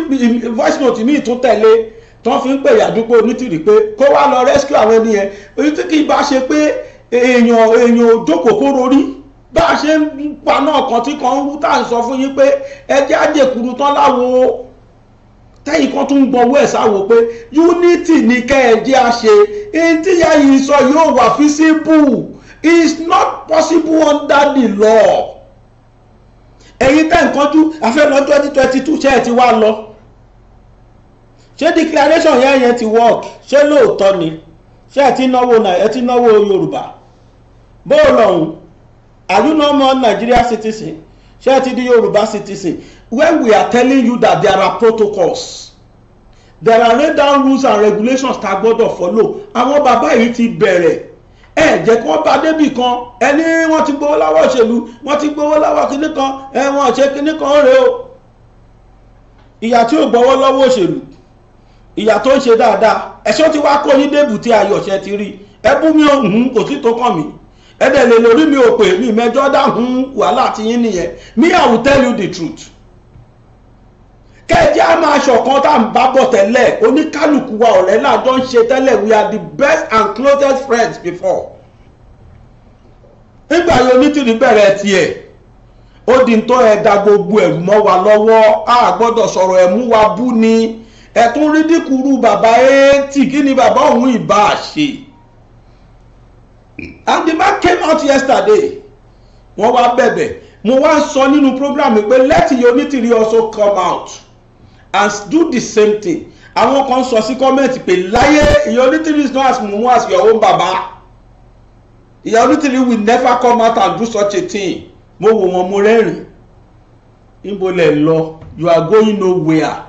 voice note mi tún tẹ̀lé tí wọ́n fi ń pè àdúgbò onítìrì pé kó wá lọ rescue àwọn ẹni yẹn ojú tí kì í bá ṣe pé èèyàn èèyàn ò jókòó kó rorí bá a ṣe ń paná ọkàn tí kan ń wú tá à ń sọ fún yín pé ẹ jẹ́ àjẹkùrú tán láwo tẹ́yìn kan tún ń gbọ́ wẹ́ẹ̀ sáwọ́ pé unity ní kẹ́ẹ̀jẹ́ a ṣe ìtìyà yìí sọ yóò wà feasible is not possible under the law ẹ̀yin tẹ́ nǹkan jú àfẹ́lọ́ twenty twenty two ṣe é ti wá lọ ṣé declaration yẹn yẹn ti work ṣé lóòótọ́ ni ṣé ẹ ti náwó ẹ ti náwó Yorùbá bó lọ́hùn are you no more Nigeria citizen ṣé ti di yorùbá citizen when we are telling you that there are protocols there are laid down rules and regulations tá gbọ́dọ̀ follow àwọn bàbá yìí ti bẹ̀rẹ̀ ẹ jẹ́ kí wọ́n bá débì kan ẹni wọ́n ti gbowó láwọ́ òṣèlú wọ́n ti gbowó láwọ́ kínní kan ẹ wọ́n ṣe kínní kan rèé o ìyà tí ò gbọ́wọ́ lọ́wọ́ òṣèlú ìyà tó ń ṣe dáadáa ẹ̀ṣọ́ ti wá kó yín débùté ayọ̀ṣẹ́ ti rí ẹ bú mi òhún kò sí tó kàn mí ẹ̀dẹ̀ lè lórí mi ò pè mí mẹ́jọ́ dáhùn wàhálà tí yín nìyẹn me I will tell you the truth kẹ́ẹ̀jẹ́ á máa ṣọ̀kan tá à ń bá bọ̀ tẹ́lẹ̀ oníkálukú wa ọ̀rẹ́ lájọ ń ṣe tẹ́lẹ̀ we are the best and closest friends before nígbà yóò ní tìrì bẹ̀rẹ̀ tiẹ̀ ó di tó ẹ da gbogbo ẹ̀ mọ́ wa lọ́wọ́ a gbọ́dọ̀ sọ̀rọ̀ ẹ̀ wa bú ni ẹ̀ tún rí bàbá ẹ̀ kí ni bàbá òun ìbá ṣe and the man came out yesterday wọ́n wá bẹ̀bẹ̀ mo wá sọ nínú program pé let your Onitiri also come out and do the same thing àwọn kan sọ sí comment pé láyé Your Onitiri is not as mumu as your own baba Your Onitiri will never come out and do such a thing mo wò wọn mo rẹ́rìn níbo lẹ̀ lọ you are going nowhere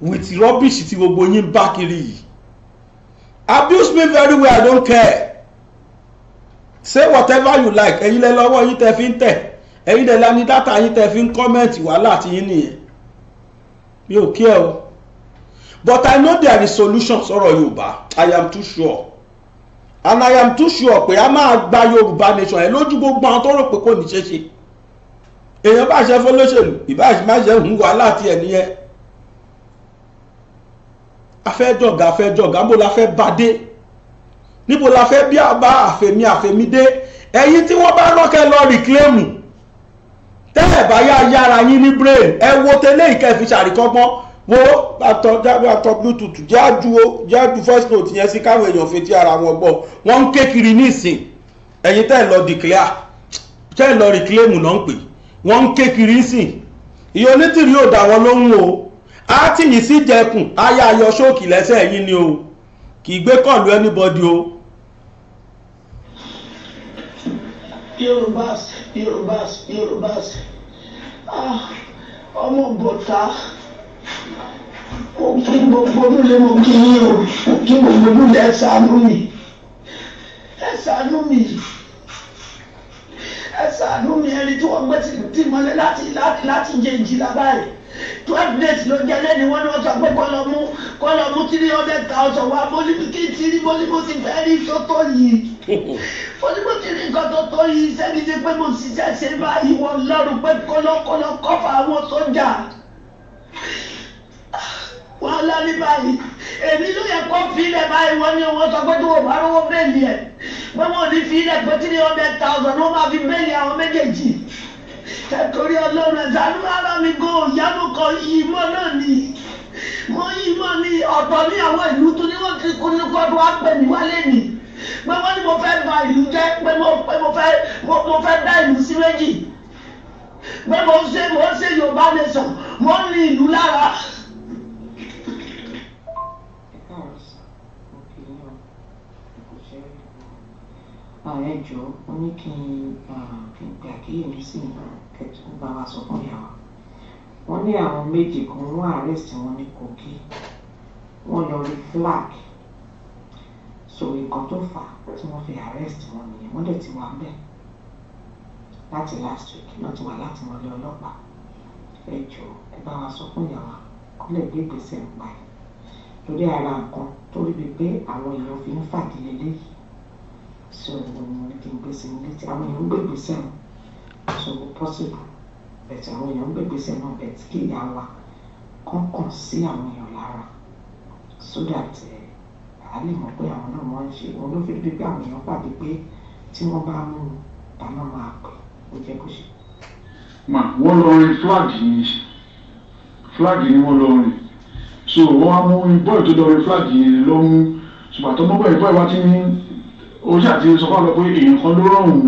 with rubbish tí gbogbo yín bá kiri yìí abuse me very well I don't care say whatever you like ẹ̀yin lẹ lọ́wọ́ yín tẹ́ fi ń tẹ̀ ẹ̀yin lẹ lani dátà yín tẹ́ fi ń kọ́mẹ̀ntì wàhálà tí yín nìyẹn mi ò kí ẹ o but i know there is solution sọ̀rọ̀ yorùbá i am too sure and i am too sure pé a máa gba yorùbá nation ẹ lójú gbogbo àwọn tó rò pé kò ní ṣe ṣe èèyàn bá ṣe fọlọ́ṣèlú ìbáṣe má ṣe ń wàhálà tí ẹ nìyẹn afẹ́jọ̀gá afẹ́jọ̀gá mo la fẹ́ bá níbo la fẹ́ bí a bá àfẹ̀mí àfẹ̀mí dé ẹ̀yin tí wọ́n bá rọ́kẹ́ lọ rìkílẹ́mù tẹ́lẹ̀ bá yá yára yín ní brain ẹ wo tẹ́lẹ̀ ìkẹfì ṣàríkọ́gbọ́n wo àtọ̀ bluetooth jáàjú jáàjú first note yẹn sí káwọn èèyàn fetí ara wọn gbọ́ wọ́n ń ké kiri nísìn ẹ̀yin tẹ́ẹ̀ lọ declare tẹ́ẹ̀ lọ rìkílẹ́mù náà ń pè wọ́n ń ké kiri nísìn ìyẹn onítìrí ò dà wọ́n lóhùn o á tìyìn sí jẹkùn á yá ayọ̀ ṣóòkì lẹ́sẹ̀ ẹ̀yin ni o kì í gbé kọ̀lù anybody o. yorùbás yorùbás yorùbás ah, ọmọ bọ̀tá mo kí gbogbo olúlé mo kí yín o mo kí gbogbo olúlé ẹ ṣàánú mi ẹ ṣàánú mi ẹ ṣàánú mi ẹni tí wọ́n gbé tì mọ́lẹ̀ láti láti láti jẹ́ ìjìlá báyìí twelve days ló jẹ lẹ́ni wọ́n ní wọ́n sọ pé kọ́ lọ mú kọ́ lọ mú three hundred thousand wá mọ́límùkì tìrí mọ́límùkì fẹ́ rí sọ́tọ̀ yìí mọ́límùkì rí nǹkan tó tó yìí sẹ́ni ti pé mo ṣiṣẹ́ ṣe báyìí wọ́n lọ́rùn pé kọ́lọ́kọ́lọ́ kọ́fà àwọn sójà wọ́n lọ ní báyìí èmi ló yẹ kó fi ilẹ̀ báyìí wọ́n ní wọ́n sọ pé tó o bá rówó bẹ́ẹ̀lì ẹ̀ pé wọ́n ò ní fi ilẹ̀ pé three hundred thousand wọ́n máa fi bẹ́ẹ̀lì àwọn méjèèjì ẹ̀kọ́rí ọlọ́run ẹ̀dánú ara mi gan ìyanu kan yìí mọ́ náà ni mo yí mọ́ ni ọ̀dọ́ ní àwọn ìlú tó ní wọ́n ti kú ní gbọ́dọ̀ wá wálé ni pé wọ́n ní mo fẹ́ bà ìlú jẹ́ pé mo fẹ́ dá ìlú sí méjì pé mo ń ṣe Yorùbá nation mo ń ní ìlú lára. ẹ jọ ó ní kí n pè àkíyèsí kẹtù bá wa sọ fún ìyàwó wọn ní àwọn méjì kan wọn àrẹ́sì wọn ní Kogi wọn lọ rí flag so nǹkan tó fà á tí wọ́n fi arrest wọn nìyẹn wọ́n dẹ̀ ti wà ń bẹ̀ láti last week náà ti wà láti wọlé ọlọ́pàá ẹ jọ ẹ bá wa sọ fún ìyàwó kó lè gbé ìgbésẹ̀ ń pa ẹ̀ lórí ara nǹkan torí bíi pé àwọn èèyàn fi ń fàdílé léyìí so wọn kì be gbèsè létí àwọn èèyàn ń gbé be náà so possible but bẹ̀tẹ̀ àwọn èèyàn ń gbé gbèsè náà bẹ̀tẹ̀ kí ìyá wa kọ́kàn sí àwọn èèyàn lára so that eh, a lè mọ̀ pé àwọn náà wọ́n ń ṣe wọn ló fi bí pé àwọn èèyàn pàdé pé tí wọ́n bá mú un tàná máa pè ó jẹ́ kó ṣe. mà wọ́n lọ rin fúláàgì ni fúláàgì ni wọ́n lọ rin so wọ́n á mú bọ́ọ̀lù tó lọ rin fúláàgì yẹn lọ́mú ṣùgbọ́n àtọ́mọ́bọ̀ ìbọ̀ ìwá ti ní ó ṣàti sọ fún àlọ́ pé èèyàn kan ló rọ̀hún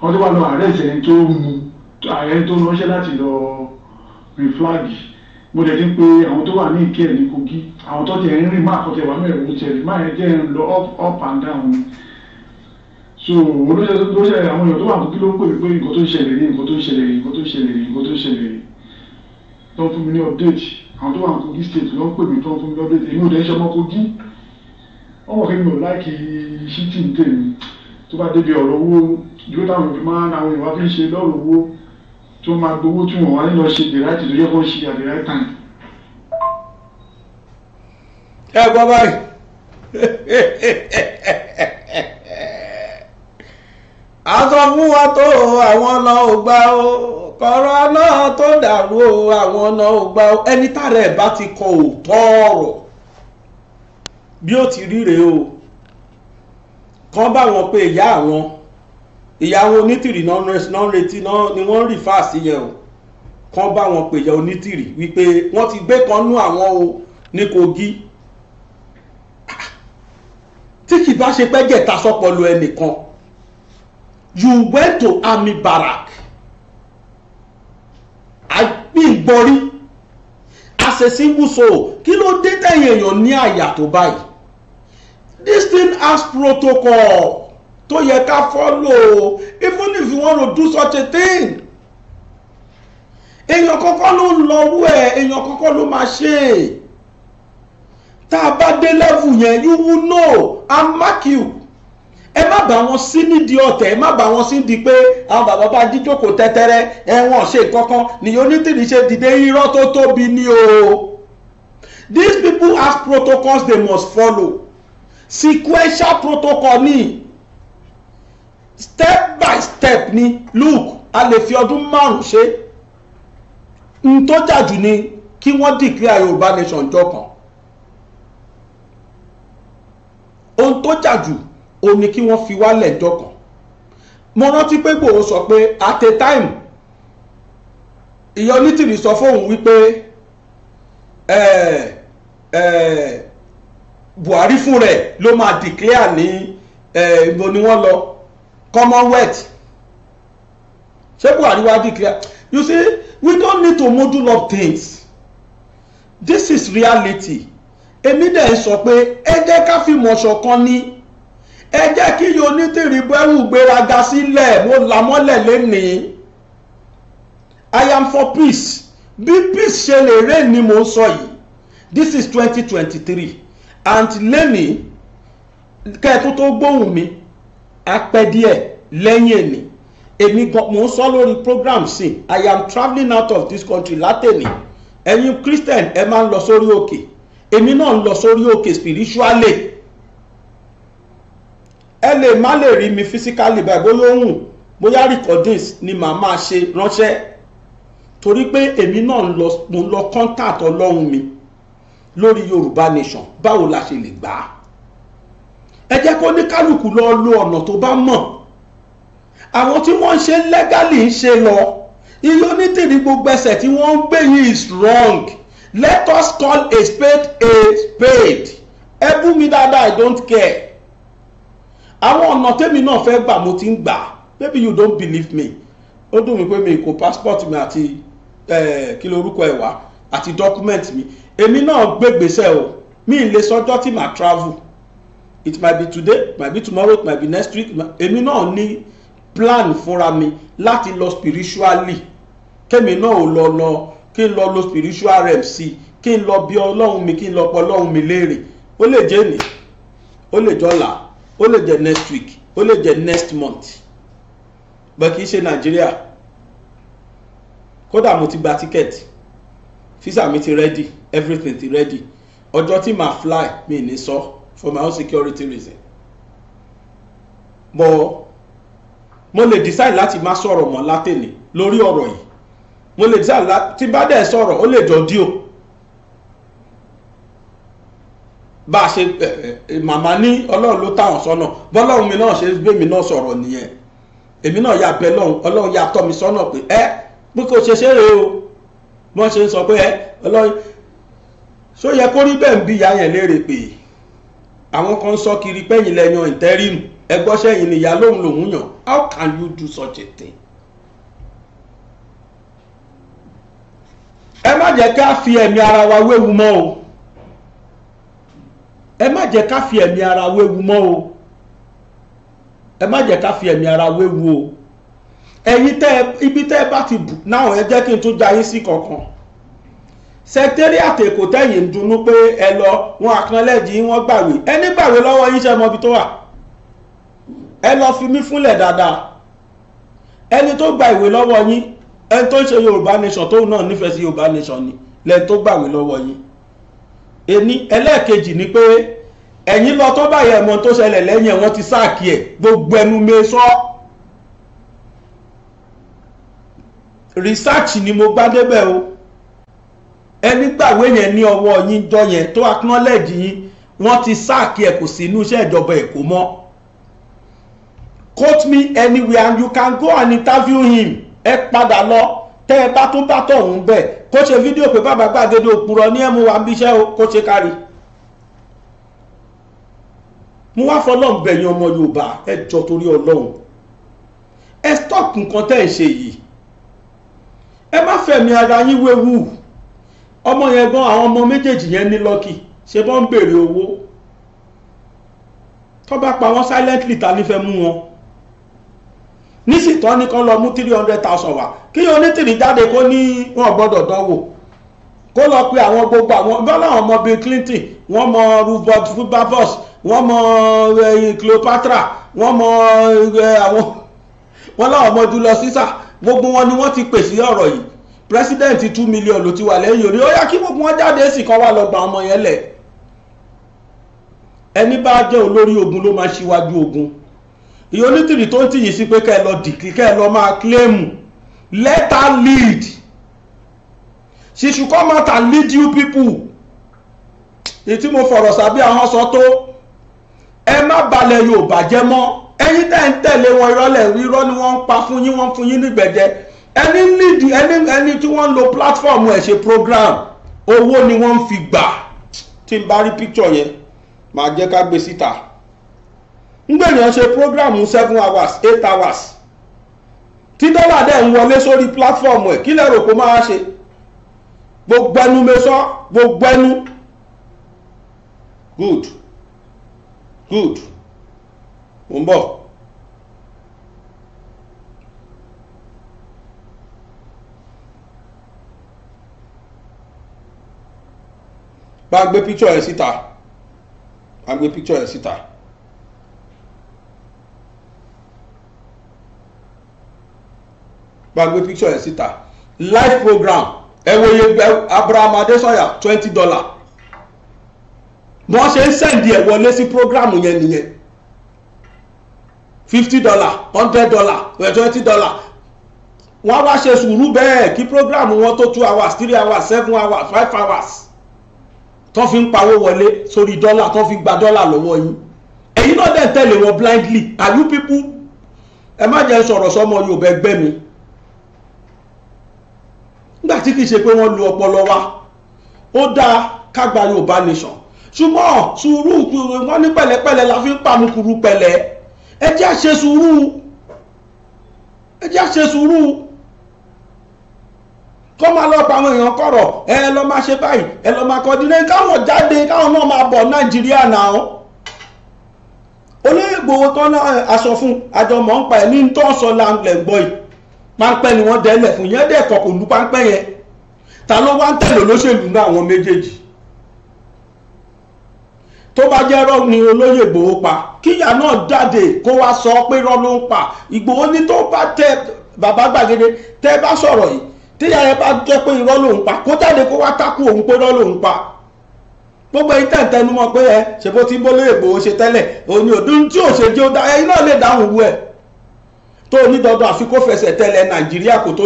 wọ́n tó wà lọ ààrẹ ìṣẹ̀ tó mu ààrẹ tó ránṣẹ́ láti lọ rìn fúláàgì mo dẹ̀ ti ń pe àwọn tó wà ní ìkẹ́ ẹ̀ ní Kogi àwọn tó tiẹ̀ ń rìn máa kọ́ tẹ̀ wá mẹ́rin ló tiẹ̀ máa yẹn jẹ́ ń lọ up and down so olóṣèlú àwọn èèyàn tó wà Kogi ló ń pè mí pé nǹkan tó ń ṣẹlẹ̀ ní nǹkan tó ń ṣẹlẹ̀ ní nǹkan tó ń ṣẹlẹ̀ ní nǹkan tó ń ṣẹlẹ̀ ní tó ń fún mi ní update àwọn tó wà Kogi state ló ń pè mí tó ń fún mi ní update èmi ò dẹ̀ ń ṣọmọ Kogi ọmọ kí mi ò láìkì ṣíjú tèmi tó bá débi ọ̀rọ̀ owó ìlú táwọn òbí máa ń àwọn ìwà fi ń ṣe lọ́rọ̀ owó tó máa gbowó tí wọ́n wá nílọ ṣe the right to yẹ ṣe at the right time. ẹ gbọ́ báyìí a sọ fún wa tó àwọn ọ̀nà ò o kọ̀rọ̀ náà tó dàrú àwọn ọ̀nà ò o ẹni tá rẹ̀ bá ti kọ òótọ́ ọ̀rọ̀ bí ó ti ríre o kàn bá wọn pé ìyá àwọn ìyá wọn onítìrì náà retí ni wọ́n rí fáàsì yẹn o kàn bá wọn pé ìyá onítìrì wípé wọ́n ti gbé kan nú àwọn o ní Kogi tí kì bá ṣe pẹ́ jẹ̀ta sọ́pọ̀lọ ẹnìkan you went to army barrack àgbìgbọ́rí as a single soul kí ló dé tẹ̀yìn èèyàn ní àyà tó báyìí this thing has protocol tó yẹ ká follow even if you want to do such a thing èèyàn kọ́kọ́ ló ń lọ́wọ́ ẹ̀ èèyàn kọ́kọ́ ló máa ṣe tá a bá dé level yẹn you will know I mark you ẹ má bà wọn sí nídìí ọ̀tẹ̀ ẹ má bà wọn sí di pé àwọn bàbá bá jíjókòó tẹ́tẹ́rẹ́ ẹ̀wọ̀n ṣe kankan nìyẹn onítìrì ṣe dìde irọ́ tó tóbi ni o these people have protocols they must follow sequential protocol ni step by step ni look a lè fi ọdún márùn ṣe n tó jà jù ni kí wọ́n declare yorùbá nation jọ kan ohun tó jà jù ó ní kí wọ́n fi wálẹ̀ jọ kan mo rántí pé gbòho sọ pé at a time ìyá onítìrì sọ fóun wípé ẹ̀ẹ́ ẹ̀ẹ́ buhari fún rẹ̀ ló máa declare ní ibo ni wọ́n lọ commonwealth ṣé buhari wá declare you see we don't need to model up things this is reality èmi dẹ̀ ń sọ pé ẹ jẹ́ ká fi mọ̀ṣọ̀ kan ní ẹ jẹ́ kí yonítìrì bẹ́rù gbéraga sílẹ̀ mo là mọ́lẹ̀ lénìí i am for peace bí peace ṣe lè rè ni mo ń sọ yìí this is twenty twenty three and lẹ́nìí kẹ́ẹ̀tún tó gbóhùn mi apẹ́ díẹ̀ lẹ́yìn èmi èmi gan mò ń sọ lórí program sí i am travelling out of this country látẹ̀ni ẹ̀yin christian ẹ máa ń lọ sórí òkè èmi náà ń lọ sórí òkè spiritually ẹ lè má lè rí mi physically báyìí bóyá ohun bóyá recordings ni màá máa ṣe ránṣẹ́ torí pé èmi náà mo ń lọ contact ọlọ́run mi lórí yorùbá nation báwo la ṣe lè gbà á ẹ jẹ́ kó ní kálukú lọ lo ọ̀nà tó bá mọ̀ àwọn tí wọ́n ń ṣe lẹ́gàlì ń ṣe lọ iye onítìrí gbogbo ẹsẹ̀ tí wọ́n ń gbé yìí is wrong let us call a spade a spade ẹ bú mi dáadáa i don't care àwọn ọ̀nà tèmi náà fẹ́ gbà mo ti ń gbà maybe you don't believe me ó dùn mí pé mi kò passport mi àti eh, kí lorúkọ ẹ̀ wá àti document mi èmi náà gbégbèsè o mi ì lè sọjọ́ tí màá travel it might be today it might be tomorrow it might be next week èmi náà ní plan fúnra mi láti lọ spiritually kémi náà ò lọ lọ kí n lọ lo spiritual rem sí i kí n lọ bí ọlọ́run mi kí n lọ pọ ọlọ́run mi léèrè ó lè jẹ́ ní ó lè jọ́la ó lè jẹ́ next week ó lè jẹ́ next month bẹ́ẹ̀ kì í ṣe nàìjíríà kódà mo ti gba tíkẹ́ẹ̀tì físà mi ti rẹ́dì everything ti ready ọjọ́ tí màá fly mi ní sọ for my own security reason but mo lè decide láti má sọ̀rọ̀ mọ́ látẹ̀lé lórí ọ̀rọ̀ yìí mo lè decide tí bá dẹ̀ sọ̀rọ̀ ó lè jọ díò bá a ṣe màmá ní ọlọ́run ló táwọn sọ́nà bọ́lọ́run mi náà ṣe gbé mi náà sọ̀rọ̀ nìyẹn èmi náà yà bẹ́ lọ́run ọlọ́run yà tọ́ mi sọ́nà pé ẹ pé kò ṣe ṣeré o wọ́n ṣe ń sọ pé ẹ ọlọ́run so yẹ kó rí bẹ́ẹ̀ ń bí ìyá yẹn léèrè àwọn kan sọ kiri pẹ́yìn lẹ́yìn interim ẹgbọ́sẹ̀yìn ni ìyá lòun lòun yàn how can you do such a thing. ẹ má jẹ́ fi ẹ̀mí ara wa wéwu mọ́ o ẹ má jẹ́ ká fi ẹ̀mí ara wéwu mọ́ o ẹ má fi ẹ̀mí ara wéwu o ẹ̀yin tẹ́ ibi tẹ́ bá ti bù kankan secretariat èkó tẹ̀yìn ń dunnú pé ẹ lọ wọn acknowledge yín wọ́n gbàwé ẹni gbàwé lọ́wọ́ yín ṣe mọ́bi tó wà ẹ lọ fi mí fúnlẹ̀ dáadáa ẹni tó gba ìwé lọ́wọ́ yín ẹni tó ń ṣe yorùbá nation tóun náà nífẹ̀ẹ́ sí yorùbá nation ni lẹ́ni tó gbàwé lọ́wọ́ yín ẹni ẹlẹ́ẹ̀kejì ni pé ẹ̀yin lọ tó báyẹ̀ ẹ̀mọ́ tó ṣẹlẹ̀ lẹ́yìn ẹ̀ wọ́n ti sáàkì ẹ̀ gbogbo ẹnu mi sọ research ni mo gbá débẹ̀ o ẹni gbàwé yẹn ní ọwọ́ yín jọ yẹn tó acknowledge yín wọ́n ti sáàkì ẹ̀ kò sí inú iṣẹ́ ìjọba èkó mọ́ quote me anywhere and you can go and interview him ẹ padà lọ tẹ́ ẹ bá tún bá tọ̀hún bẹ̀ kó ṣe fídíò pé bàbá gbàgede òpùrọ̀ ní ẹ̀mú wa bí iṣẹ́ kó ṣe kárí mo wá fọlọ́n bẹ̀yìn ọmọ yorùbá ẹ jọ torí ọlọ́run ẹ stop nǹkan tẹ́ ẹ ṣe yìí ẹ má fẹ̀mí ara yín wéwu ọmọ yẹn gan àwọn ọmọ méjèèjì yẹn ní lọ́kì ṣe bọ́n béèrè owó tó bá pa wọ́n silently ta ní fẹ́ mú wọn nísìtọ́ ní kan lọ mú three hundred thousand wá kí onítìrì jáde kó ní wọn gbọ́dọ̀ dánwò kó lọ pe àwọn gbogbo àwọn bọ́lá àwọn ọmọ bíi Clinton wọ́n mọ Rupert Murdoch wọ́n mọ eh, Cleopatra wọ́n mọ eh, àwọn wọ́n láwọn ọmọ Julius Caesar gbogbo wọn ni wọ́n ti pèsè ọ̀rọ̀ yìí pírẹsidẹ́ǹtì two million ló ti wà lẹ́yìn orí ó yá kí gbogbo wọn jáde sì kan wá lọ gba ọmọ yẹn lẹ̀ ẹni bá jẹ́ olórí ogun ló máa ṣíwájú ogun ìyẹn onítìrì tó ń tì yìí sí pé kẹ́ ẹ lọ dìkì kẹ́ ẹ lọ máa kílẹ̀mù let her lead she should come out and lead you people ètí mo fọ̀rọ̀ sábẹ́ àwọn sọ tó ẹ má balẹ̀ Yorùbá jẹ́ mọ́ ẹ̀yin tẹ́ ń tẹ̀lé wọn irọ́ lẹ̀ irọ́ ni wọ́n ń pa fún yín wọ́n ń fún yín nígbẹ̀jẹ́ ẹni lead ẹni ẹni tí wọ́n ń lo platform ẹ̀ ṣe program owó ni wọ́n ń fi gbà tí n bá rí picture yẹn màá jẹ́ ká gbé síta ngbèyàn ṣe program seven hours eight hours tí dọ́là dẹ̀ ń wọlé sórí platform ẹ̀ kí lẹ́rò kó máa ṣe gbogbo ẹnu mẹ́sọ́ gbogbo ẹnu good good ń bọ̀. bá gbé píkṣọ̀ ẹ̀ síta bá gbé píkṣọ̀ ẹ̀ síta. bá gbé píkṣọ̀ ẹ̀ síta live program ẹ Abraham Adesanya twenty dollar wọ́n ṣe ń sẹ́ǹdì ẹ̀ wọlé sí program yẹn nìyẹn fifty dollar hundred dollar eh, twenty dollar wọ́n á wá ṣe sùúrù bẹ́ẹ̀ kí program wọn tó two hours three hours seven hours five hours tó fi ń pawó wọlé sórí dọ́là tó fi gba dọ́là lọ́wọ́ yín ẹ̀yin náà dẹ̀ tẹ̀lé wọn blindly are you people ẹ má jẹ́ sọ̀rọ̀ sọ́mọ Yorùbá ẹgbẹ́ mi nígbà tí kìí ṣe pé wọ́n lu ọpọlọ wa ó dáa ká gba Yorùbá nation ṣùgbọ́n sùúrù wọn ní pẹ̀lẹ́pẹ̀lẹ́ la fi ń panu kuru pẹ̀lẹ́ ẹ jẹ́ ṣe sùúrù ẹ jẹ́ ṣe sùúrù kó máa lọ pa àwọn èèyàn kọ̀rọ̀ ẹ lọ máa ṣe báyìí ẹ lọ máa kọ́dínlé káwọn jáde káwọn náà máa bọ̀ nàìjíríà náà olóyègbòho kan náà aṣọ fún àjọmọ̀ ń pa ẹ̀ ní tó ń sọ láńlẹ̀ gbọ́ yìí páńpẹ́ ni wọ́n dẹ́lẹ̀ fún yẹn dẹ̀ kọ̀kọ̀ lù páńpẹ́ yẹn ta ló wá ń tẹ̀lé olóṣèlú náà àwọn méjèèjì tó bá jẹ́ rọ́ ni olóyè Ìgbòho pa kíyà náà jáde kó wá sọ pé rọ́ ló ń pa Ìgbòho ní tó bá tẹ bàbá gbàgede tẹ bá sọ̀rọ̀ yìí tíyà yẹn bá jẹ́ pé irọ́ lòun pa kó jáde kó wá tákù òun pé irọ́ lòun pa gbogbo yìí tẹ̀ǹtẹ̀nu mọ pé ẹ ṣe bó ti bó lóye gbòó ṣe tẹ́lẹ̀ òní òdún tí ò ṣe jẹ́ ó dá ẹ iná lè dáhùn wú ẹ̀ tó ní dandan àfi kó fẹsẹ̀ tẹ́lẹ̀ nàìjíríà kò tó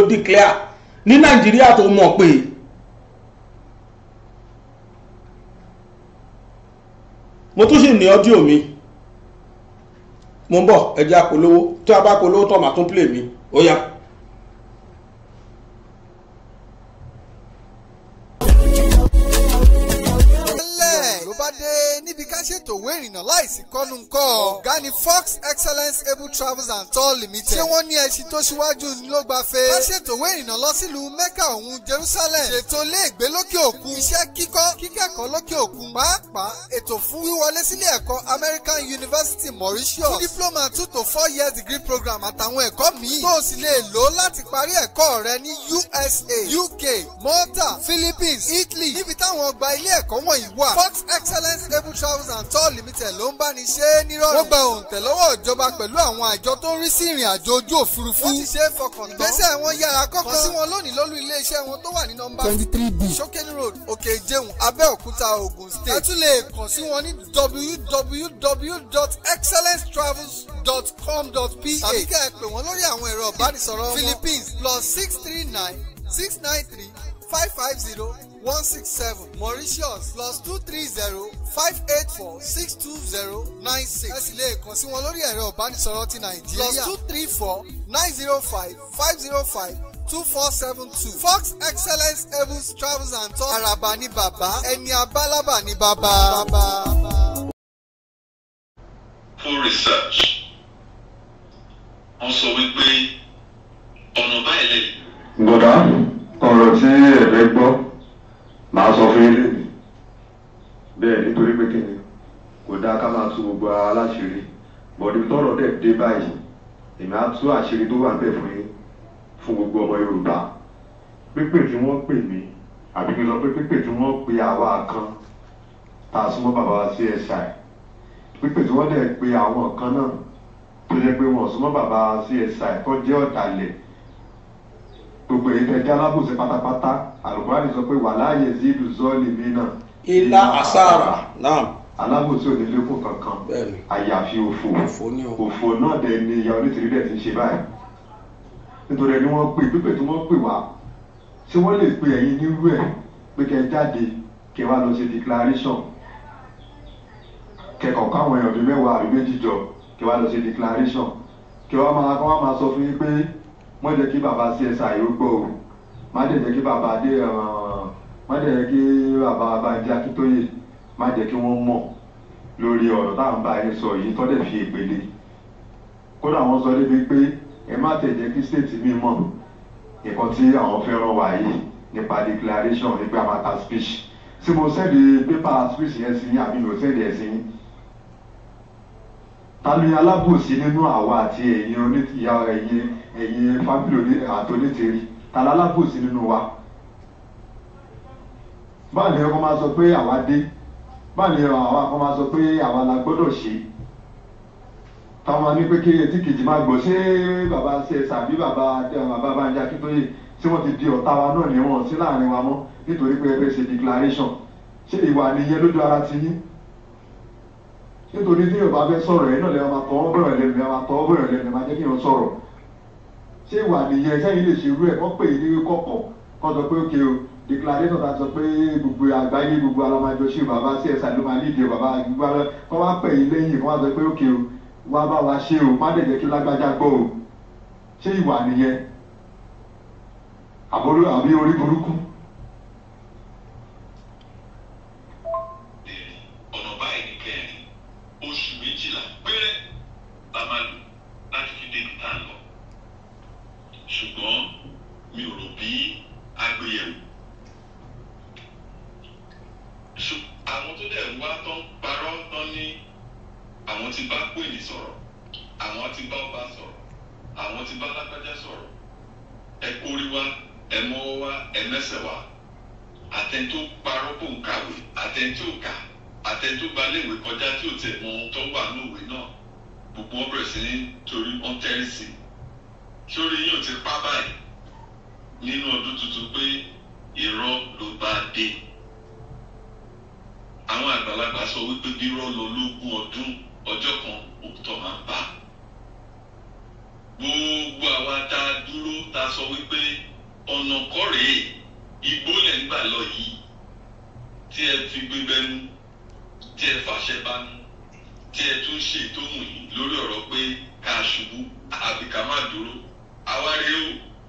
ṣètò òwe ìrìnnà láìsí kọ́nu ńkọ́ ọ̀gá ni Fox Excellence Able Travels and Tour Limited ṣé wọ́n ní ẹṣin tó ṣíwájú ńlọ́gbàfẹ́ wá ṣètò òwe ìrìnnà lọ sílùú Mecca òun Jerusalem ṣètò iléègbé lókè òkun iṣẹ́ kíkọ́ kíkẹ́kọ̀ọ́ lókè òkun pàápàá ètò fún wíwọlé sílé ẹ̀kọ́ American University Mauritius fún diploma two to four year degree program àtàwọn ẹ̀kọ́ míì tó o sì lè lò láti parí ẹ̀kọ́ rẹ ní USA UK Malta Philippines Italy níbi táwọn ọgbà ilé ẹ̀kọ́ wọ̀nyí wà Fox Excellence Able Travels Control Limited ló ń bá ní ṣe é nírọ̀rùn. wọ́n gba òǹtẹ̀ lọ́wọ́ ìjọba pẹ̀lú àwọn àjọ tó ń rí sí ìrìn àjò ojú òfurufú. wọ́n ti ṣe é fọkàn tán. ìgbésẹ̀ wọn yára kọ́kọ́. kàn sí wọn lónìí lólú iléeṣẹ́ wọn tó wà ní nọ́mbà. twenty three b Shokeni Road Òkè Ìjẹun Abẹ́òkúta Ògùn State. ẹ tún lè kàn sí wọn ní www.excellencetravels.com.pa tàbí ẹ pè wọ́n lórí àwọn ẹ̀rọ ìbánisọ̀rọ̀ wọn Philippines plus six three nine six nine three five five zero one six seven Mauritius plus two three zero five eight four six two zero nine six. ẹ sì lè kàn sí wọn lórí ẹ̀rọ ìbánisọ̀rọ̀ ti Nàìjíríà plus two three four nine zero five five zero five two four seven two Fox Excellence evans travels and tours araba ní bàbá ẹni abálábà ní bàbá. fún research wọ́n sọ wípé ọ̀nà báyìí lè. gbọ́dọ̀ ọ̀rọ̀ tí ẹ̀fẹ́ gbọ́ màá sọ fún yín lẹ́nu bẹ́ẹ̀ nítorí pé kí ni kò dáa ká máa tú gbogbo ara láṣìírí bọ̀dé tọ́rọ̀ dẹ̀ dé báyìí èmi á tú àṣírí tó wà ń bẹ̀ fún yín fún gbogbo ọmọ Yorùbá pípè tí wọ́n pè mí àbí kí n sọ pé pípè tí wọ́n pe àwa kan tá a súnmọ́ bàbá wa sí ẹ̀ṣà ẹ̀ pípè tí wọ́n dẹ̀ pe àwọn kan náà tó yẹ pé wọ́n súnmọ́ bàbá wa sí ẹ̀ṣà ẹ̀ tó jẹ́ ọ̀dàlẹ̀ gbogbo èyí tẹ̀ jẹ́ alábòsí pátápátá àlùkòránì sọ pé wàhálà yẹ zidu zọ́ọ̀lì mi náà. ilá asára náà. alábòsí ò ní lékún kankan àyàfi òfò òfò náà dẹ̀ ni ìyá onítìrí dẹ̀ ti ń ṣe báyìí nítorí ẹni wọ́n pè pípè tí wọ́n pè wá ṣé wọ́n lè pe ẹ̀yin nírú ẹ̀ pé kẹ́ jáde kẹ́ wá lọ ṣe declaration kẹ́kọ̀ọ́ káwọn èèyàn bíi mẹ́wàá àbí méjì jọ kẹ́ wá lọ ṣe declaration kẹ́ wá máa kọ́ wá máa sọ fún yín pé má jẹ́ kí bàbá CSI ó gbọ́ o má dẹ̀ jẹ́ kí bàbá dé eh, má dẹ̀ jẹ́ kí bàbá Bánjí Akíntóyè má jẹ́ kí wọ́n mọ̀ lórí ọ̀rọ̀ tá à ń bá yín sọ yìí tọ́lẹ̀ fi ìpele kódà wọ́n sọ débi pé ẹ má tẹ̀jẹ́ kí stéètì mi mọ̀ nǹkan tí àwọn fẹ́ràn wà yìí nípa declaration nípa mata speech tí mo sẹ́ẹ̀dì pépà speech yẹn sí yín àbí mo sẹ́ẹ̀dì ẹ̀ sí yín ta ni alábòsí nínú àwa àti ẹ̀yin oníyà ẹ̀yin ẹ̀yin fábílì àtọ́nítìrí ta ni alábòsí nínú wa báwo ni ẹ̀kọ́ máa sọ pé àwa dé báwo ni ẹ̀kọ́ máa sọ pé àwa la gbọ́dọ̀ ṣe táwọn ní pé kéèyàn tí kejì máa gbọ́ ṣé bàbá ṣe sàbí bàbá bàbá Bánjí Akíntóyè tí wọ́n ti di ọ̀tá wa náà ni wọ́n sí láàrin wa mọ́ nítorí pé ẹ fẹ́ ṣe declaration ṣé ìwà nìyẹn lójú ara ti yín nítorí tí yorùbá fẹ́ sọ̀rọ̀ yẹn náà lè máa tọ́ bọ̀rọ̀ lẹ́nu lè máa tọ́ bọ̀rọ̀ lẹ́nu máa jẹ́ kí wọ́n sọ̀rọ̀ ṣé ìwà nìyẹn sẹ́yìn lè ṣe irú ẹ̀ kọ́ pé ní kọ́kọ́ kọ́ sọ pé òkè o declaration ta sọ pé gbogbo àgbáyé gbogbo alamajọ ṣe bàbá sí ẹ̀sà ló máa nídìí bàbá gbogbo alẹ́ kọ́ wá pè yín lẹ́yìn kọ́ wá sọ pé òkè o wá bá wa ṣe o má ẹsẹ̀ wa àtẹ̀ntó parọ́ kó ń kàwé àtẹ̀ntó kà àtẹ̀ntó gbalẹ̀wé kọjá tí ò tẹ̀ mọ ohun tó wà lóòwe náà gbogbo wọn bẹ̀rẹ̀ sí ní torí wọn tẹ́rì sí sórí yóò ti pa báyìí nínú ọdún tuntun pé irọ́ ló bá dé àwọn àgbàlagbà sọ wípé bí irọ́ lọ lógún ọdún ọjọ́ kan òkútọ̀ máa bá gbogbo àwa tá a dúró tá a sọ wípé ọ̀nà kọ́ rèé igbó lẹ̀ ń gbà lọ yìí tí ẹ fi gbígbẹ́ mú tí ẹ fàṣẹ bá mú tí ẹ tún ṣe tó yìí lórí ọ̀rọ̀ pé ká ṣubú àbí ká má dúró àwárí o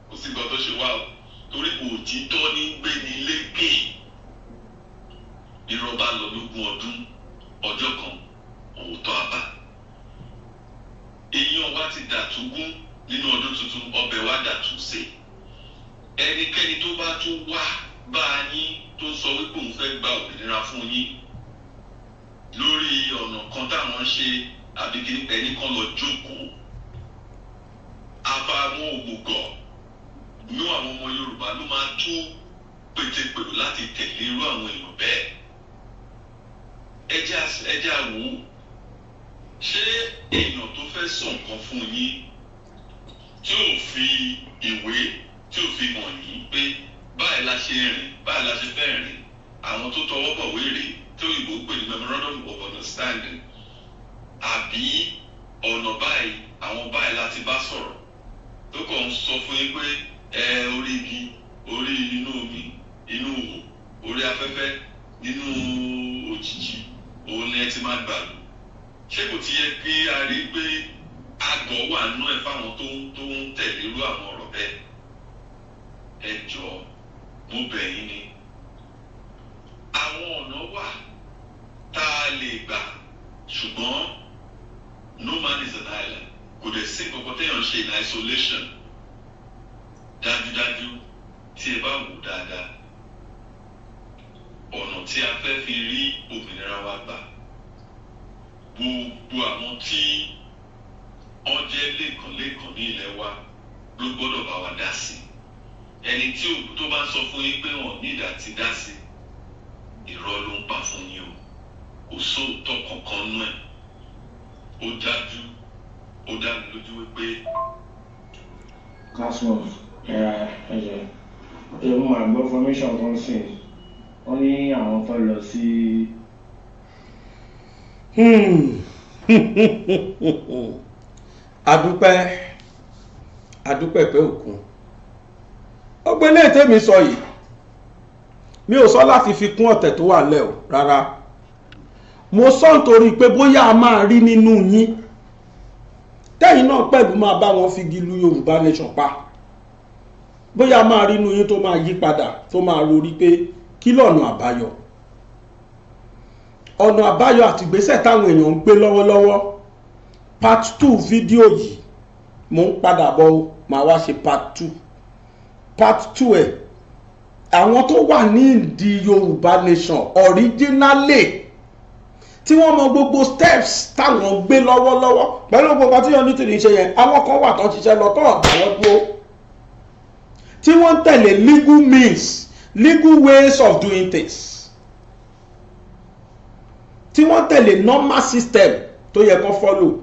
kò sí nǹkan ṣe wá o torí òtítọ́ tẹ̀lé irú àwọn èèyàn bẹ́ẹ̀ ẹ jẹ́ àwò ṣé èèyàn tó fẹ́ sọ nǹkan fún yín tí ò fi ìwé tí ò fi hàn yín pé báyìí la ṣe rìn báyìí la ṣe fẹ́ rìn àwọn tó tọwọ́ bọ̀ wéèrè tí òyìnbó pè ní memorandum of understanding àbí ọ̀nà báyìí àwọn báyìí láti bá sọ̀rọ̀ tó kàn ń sọ fún yín pé ẹ orí igi orí inú omi inú òun orí afẹ́fẹ́ nínú òjijì òun ni ẹ ti máa gbà lò ṣé kò ti yẹ pé a rí i pé àgọ́ wà nú ẹ̀ fáwọn tó ń tó ń tẹ̀lé irú àwọn ọ̀rọ̀ bẹ́ẹ̀ ẹ jọ mo bẹ̀ yín ni àwọn ọ̀nà wà tá a lè gbà ṣùgbọ́n no man is an island kò dẹ̀ sí kankan téèyàn ṣe in isolation dájúdájú tí ẹ bá wò dáadáa ọ̀nà tí a fẹ́ fi rí òmìnira wa gbà gbogbo àwọn tí wọ́n jẹ́ lẹ́kànlẹ́kàn ní ilẹ̀ wa ló gbọ́dọ̀ bá wa dá sí ẹni tí o tó bá sọ fún yín pé wọ́n nídà ti dá sí irọ́ ló ń pa fún yín o kò sóòótọ́ kankan nú ẹ̀ ó dájú ó dá mi lójú wípé. classmate ẹ ẹ jẹ ẹ mú àgbọ̀ formation kan sí i wọ́n ní àwọn fẹ́ lọ sí. Hmm. adúpẹ́ adúpẹ́ pé òkun ọgbẹ́ ilé tèmi sọ yìí mi ò sọ láti fi kún ọ̀tẹ̀ tó wà lẹ́ o rárá mo sọ nítorí pé bóyá a máa rí nínú yín tẹ́yìn náà pẹ̀lú máa bá wọn figi lu Yorùbá nation pa bóyá a máa rí nínú yín tó máa yí padà tó máa rorí pé kí lọ́nà àbáyọ ọ̀nà àbáyọ àti ìgbésẹ̀ táwọn èèyàn ń gbé lọ́wọ́lọ́wọ́ part two fídíò yìí mo ń padà bọ̀ màá wá ṣe part two part two ẹ̀ àwọn tó wà ní ìdí Yorùbá nation originally tí wọ́n mọ gbogbo steps táwọn gbé lọ́wọ́lọ́wọ́ pẹ̀lú gbogbo àti yanjú tìrì ṣe yẹn àwọn kan wà tán ṣiṣẹ́ lọ tán àtàwọn dúró tí wọ́n tẹ̀lé legal means legal ways of doing things tí wọ́n tẹ̀lé normal system tó yẹ kó follow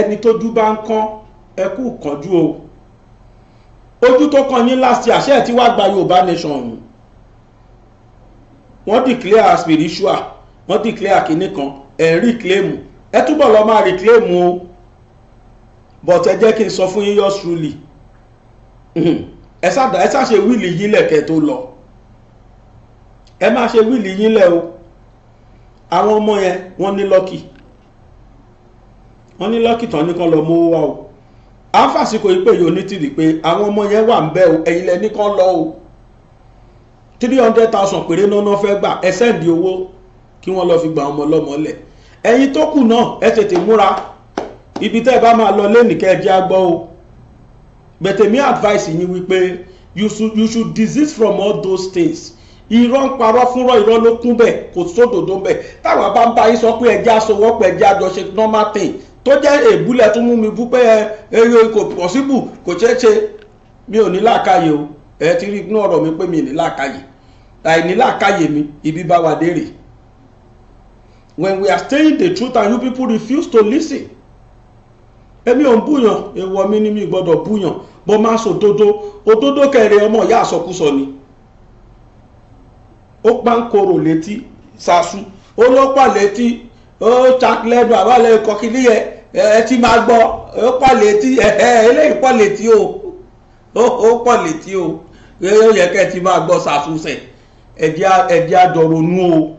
ẹni tójú bá ń kán ẹ kú kánjú o ojú tó kàn yín last year ṣe ti wá gba Yorùbá nation ọ̀hún wọ́n declare spiritual wọ́n declare kínní kan ẹ̀ ń reclaim ẹ túbọ̀ lọ máa reclaim o but ẹ jẹ́ kí n sọ fún yín yours truly ẹ ṣàṣe wíìlì yín lẹ̀kẹ́ tó lọ ẹ má ṣe wíìlì yín lẹ̀ o àwọn ọmọ yẹn wọ́n ní lọ́kì wọ́n ní lọ́kì tán ní kan lọ mú wá o à ń fàsìkò yìí pé yóò ní tìrì pé àwọn ọmọ yẹn wà ń bẹ̀ o ẹ̀yin lẹ ní kan lọ o three hundred thousand péré náná fẹ́ gbà ẹ sẹ́ǹdì owó kí wọ́n lọ fi gba ọmọ ọlọ́mọ lẹ̀ ẹ̀yin tó kù náà ẹ tètè múra ibi tẹ́ ẹ bá máa lọ lẹ́nìkẹ́ ẹjẹ́ agbọ́ o bẹ̀tẹ̀mí advice yín wípé you should, you should desist from all those things irọ́ ń parọ́ fúnrọ́ irọ́ ló kún bẹ́ẹ̀ kò sódòdó bẹ́ẹ̀ táwa bá ń bá yín sọ pé ẹjẹ́ aṣọwọ́pọ̀ ẹjẹ́ àjọṣe normal thing tó jẹ́ èbúlẹ̀ tó mú mi bú pé ẹ kò pọ̀síbù kò ṣeé ṣe mi ò ní làákàyè o ẹ ti rí inú ọ̀rọ̀ mi pé mi ní làákàyè àìní làákàyè mi ibi bá wa dé rè when we are saying the truth and you people refuse to listen èmi ò ń búyàn èèwọ̀ mi ni mi gbọ́dọ̀ búyàn mo máa ń sòdodo òdodo kẹrẹ ọmọ ìyá àsọkúsọ ni ó pánkoro létí sàṣù ó lọ́pọ̀ létí ó chaklẹ́nu àbálẹ̀ kọkílí yẹ ẹ ti máa gbọ́ ó pọ̀ létí ẹ eléyìí pọ̀ létí o ó pọ̀ létí o ó yẹ kẹ́ ẹ ti máa gbọ́ sàṣù sẹ̀ ẹ̀dí àjọronú o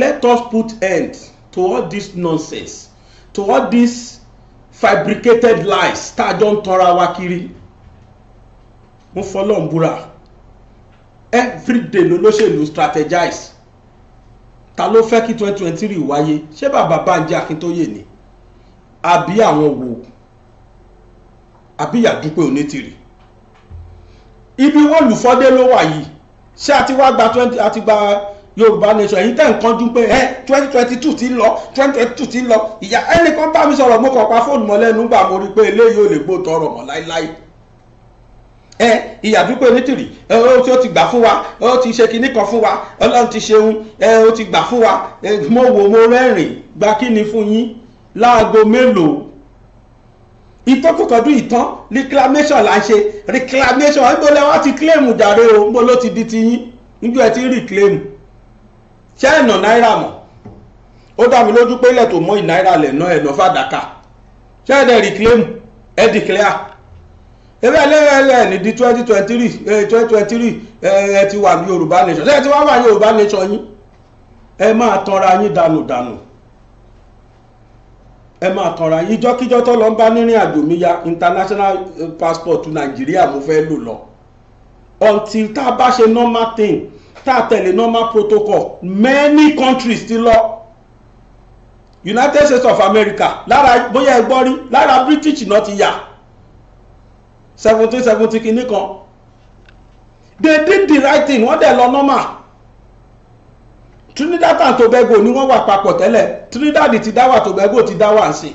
let us put end to all this nonsense to all this fabricated lies tá a jọ ń tọ́ra wa kiri mo fọlọ́ ń búra everyday lolóṣèlú strategize ta ló fẹ́ kí twenty twenty three wáyé ṣé bàbá Bánjí Akíntóyè ni àbí àwọn wò àbí Ìyàdúpẹ́ Onítìrì ibi wọ́ọ̀lù fọ́dé ló wà yìí ṣé a ti wá gba twenty a ti gba yorùbá nation èyí tẹ̀ ń kánjú pé ẹ twenty twenty two ti lọ twenty twenty two ti lọ ìyá ẹnìkan bá mi sọ̀rọ̀ mo kàn pa fóònù mọ́ lẹ́nu gbà mo rí i pé eléyìí ò lè gbó tọrọ mọ́ láéláé ẹ ìyàdúgbò onítìrì ó ti ó ti gbà fún wa ó ti ṣe kinní kan fún wa ọlọ́run ti ṣeun ẹ ó ti gbà fún wa mo wò mo rẹ́rìn gba kíni fún yín láago mélòó ìtọ́kùtọ́dún ìtàn reclamation là ń ṣe reclamation níbo lẹ́wọ́n ti claim jàre o níbo ló ti di ti yín níjọ́ ẹ ti reclaim ṣé ẹ̀nà náírà mọ̀ ó dá mi lójú pé ilẹ̀ tó mọ́ ìnáírà lẹ̀ náà ẹ̀nà fàdákà ṣé ẹ̀dẹ̀ reclaim ẹ̀ declare ebe ẹlẹ́rẹ̀ẹ́lẹ́ nídìí twenty eh, twenty three twenty eh, twenty three ẹ ti wà ní yorùbá nation ṣé ẹ ti wá wà yorùbá nation yín ẹ máa tanra yín dànùdànù ẹ máa tanra yín ìjọkíjọ tó lọ ń bá nírìn àjò mi ya international eh, passport to Nigeria mo fẹ́ lò lọ until tá a bá ṣe normal thing tá a tẹ̀lé normal protocol many countries ti lọ united states of america lára bóyá ẹ gbọ́ rí lára british náà ti yà seventeen seventeen kìíní kan they did the right thing wọ́n dẹ̀ lọ normal Trinidad and Tobago ni wọ́n wà papọ̀ tẹ́lẹ̀ Trinidad ti dá wà Tobago ti dá wà ń sìn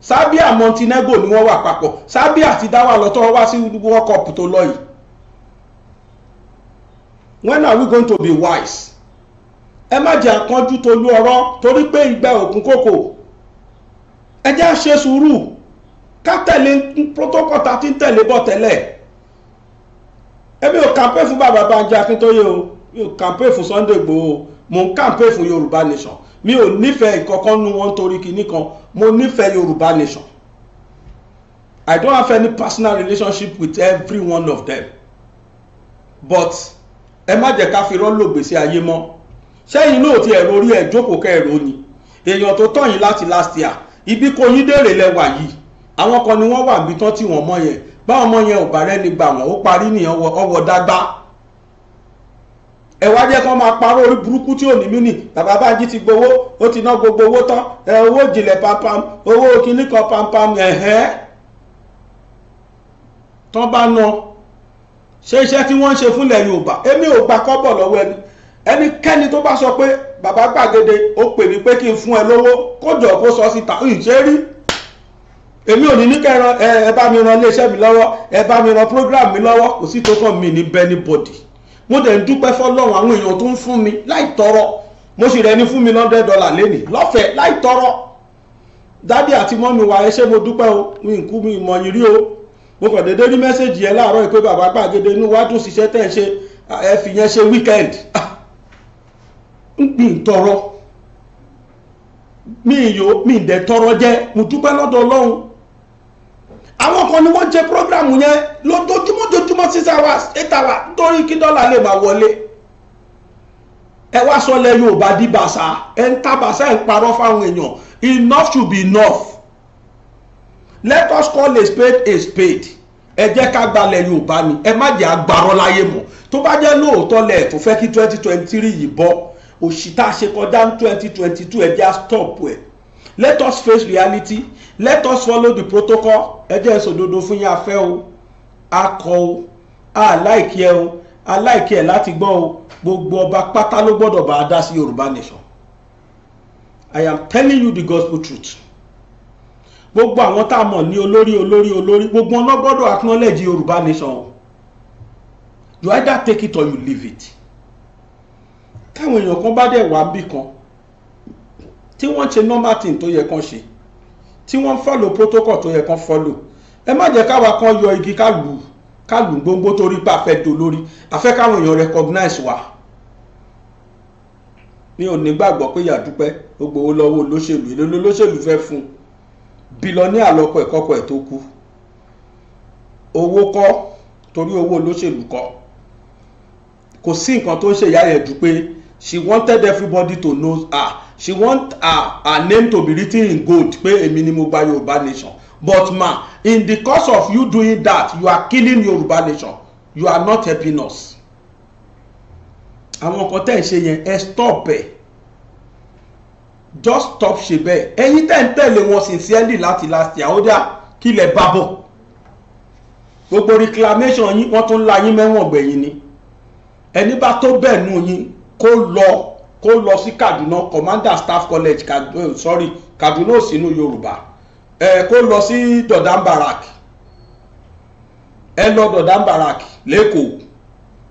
Serbia Montenegro ni wọ́n wà papọ̀ Serbia ti dá wà lọ́tọ́ wá sí World Cup tó lọ yìí when are we going to be wise ẹ má jẹ́ àkánjú tolú ọ̀rọ̀ torí pé ìgbà òkun kòkò ẹ jẹ́ àṣẹ sùúrù ká tẹ̀lé protocol ta ti ń tẹ̀lé bọ̀ tẹ́lẹ̀ ẹbí ò kàmpé fún bàbá Banji Akíntóyè o mi ò kàmpé fún Sunday Igboho mo ń kàmpé fún Yorùbá nation mi ò nífẹ̀ẹ́ ìkọ̀kan nu wọn torí kinní kan mo nífẹ̀ẹ́ Yorùbá nation I don't have any personal relationship with every one of them but ẹ má jẹ́ ká fi rọ́lò gbèsè ayé mọ́ sẹ́yìn náà ti ẹ̀rọ orí ẹ̀ jókòó kẹ́ ẹ̀rọ ni èèyàn tó tọ̀yìn láti last year ibi kò yín dèrè lẹ́wà yìí àwọn kan ni wọ́n wà níbi tán tí wọ́n mọ yẹn báwọn ọmọ yẹn ò bá rẹ́ni gbà wọ́n ó parí nìyẹn ọwọ́ dágbá ẹ wá jẹ́ kán máa parọ́ orí burúkú tí ò ní mí nì bàbá bájí ti gbowó ó ti ná gbogbo owó tán ẹ owó ìjìnlẹ̀ pampam owó kínní kan pampam ẹ̀hẹ́ tán bá ná ṣe iṣẹ́ tí wọ́n ń ṣe fúnlẹ̀ Yorùbá èmi ò gba kọ́bọ̀ lọ́wọ́ ẹni ẹnikẹ́ni tó bá sọ pé bàbá gbàgede ó pè mí pé kí n fún ẹ lówó kó kó sọ síta ǹṣẹ́ èmi ò ní ní kẹ́ ẹ bá mi ran iléeṣẹ́ mi lọ́wọ́ ẹ bá mi ran program mi lọ́wọ́ kò sí tó kàn mí ní bẹ́ẹ̀ bòdì mo dẹ̀ ń dúpẹ́ fọlọ́run àwọn èèyàn tó ń fún mi láì tọrọ mo sì rẹ ní fún mi lọ́ndẹ̀ dọ́là lénìí lọ́fẹ̀ẹ́ láì tọrọ dádì àti mọ́mi wa ẹ mo dúpẹ́ o mi ń kú mi mọ̀ yín rí o mo kàn déédé rí mẹ́sẹ̀gì yẹn láàárọ̀ pé bàbá gbàgede inú wa dùn ṣiṣẹ́ tẹ̀ ṣe ẹ fi yẹn ṣe weekend ah, ń gbìn tọrọ mi ìyó mi ìdẹ tọrọ jẹ mo dúpẹ́ lọ́dọ̀ Ọlọ́run àwọn kan ni wọ́n jẹ programu yẹn lójoojúmọ́ jojúmọ́ six hours eight hours nítorí kí dọ́là lè máa wọlé ẹ wá sọ lẹ Yorùbá di bàṣà ẹ ń ta bàṣà ẹ ń parọ́ fáwọn èèyàn enough should be enough let us call a spade a spade ẹ jẹ́ ká gbalẹ̀ Yorùbá ni ẹ má jẹ́ agbárọ́ láyé mọ́ tó bá jẹ́ lóòótọ́ lẹ̀ tó fẹ́ kí twenty twenty three yìí bọ́ òṣì tá twenty twenty two ẹ jẹ́ stop ẹ̀ let us face reality let us follow the protocol ẹ jẹ́ sòdodo fún yín afẹ́ o akọ o aláìkí ẹ o aláìkí ẹ láti gbọ́ o gbogbo ọba pátá ló gbọ́dọ̀ bá a dá sí yorùbá nation i am telling you the gospel truth gbogbo àwọn tá a mọ̀ ní olórí olórí olórí gbogbo wọn gbọ́dọ̀ acknowledge yorùbá nation o you either take it or you leave it táwọn èèyàn kan bá dẹ̀ wá bí kan tí wọ́n ṣe normal thing tó yẹ kán ṣe tí wọ́n follow protocol tó yẹ kán follow ẹ má jẹ́ káwa kan yọ igi kálù kálù gbogbo torí pa fẹ́ dolórí àfẹ́ káwọn èèyàn recognize wa mi ò ní gbàgbọ́ pé yàdúpẹ́ ó gbowó lọ́wọ́ olóṣèlú èlò olóṣèlú fẹ́ fún bílọ́ní àlọ́kọ̀ ẹ̀kọ́kọ̀ ẹ̀ tó kú owó kọ́ torí owó olóṣèlú kọ́ kò sí nǹkan tó ń ṣèyá yẹn ju pé she wanted everybody to know her she want her her name to be written in gold pé èmi ni mo gba Yorùbá nation but ma in the course of you doing that you are killing Yorùbá nation you are not helping us àwọn kan tẹ́ ẹ̀ ṣe yẹn ẹ stop ẹ̀ just stop ṣe bẹ́ẹ̀ ẹ̀yin tẹ́ ń tẹ̀lé wọn sincerely láti last year ó dà kílẹ̀ bá bọ̀ gbogbo reclamation yín wọ́n tún la yín mẹ́wọ̀n gbẹ̀yìn ni ẹni bá tó bẹ́ẹ̀ nù yín kó lọ kó lọ sí Kaduna Commander Staff College Kad eh, sorry Kaduna ò sínú Yorùbá ẹ eh, kó lọ sí Dodan Barrack ẹ lọ Dodan Barrack lẹ́kọ̀ọ́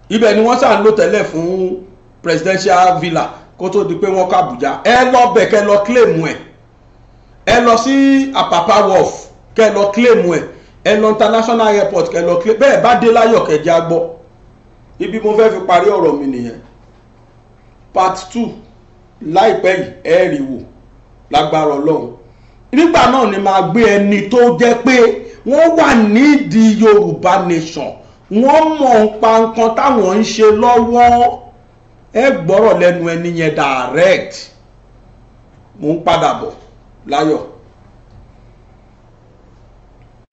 ibẹ̀ ni wọ́n sàn lò tẹ́lẹ̀ fún presidential villa kó tó di pé wọ́n kọ́ Àbújá ẹ lọ bẹ̀ kẹ́ lọ claim ẹ̀ ẹ lọ sí Apapa wharf kẹ́ lọ claim ẹ̀ ẹ lọ international airport kẹ́ lọ claim bẹ́ẹ̀ bá dé láyọ̀ kẹ́ já ibi mo fẹ́ fi parí ọ̀rọ̀ mi nìyẹn part two láìpẹ́ yìí ẹ rí wò lágbára ọlọ́run nígbà náà ni màá gbé ẹni tó jẹ́ pé wọ́n wà nídìí yorùbá nation wọ́n mọ̀ ń pa nǹkan táwọn ń ṣe lọ́wọ́ ẹ gbọ́rọ̀ lẹ́nu ẹni yẹn direct mò ń padà bọ̀ láyọ̀.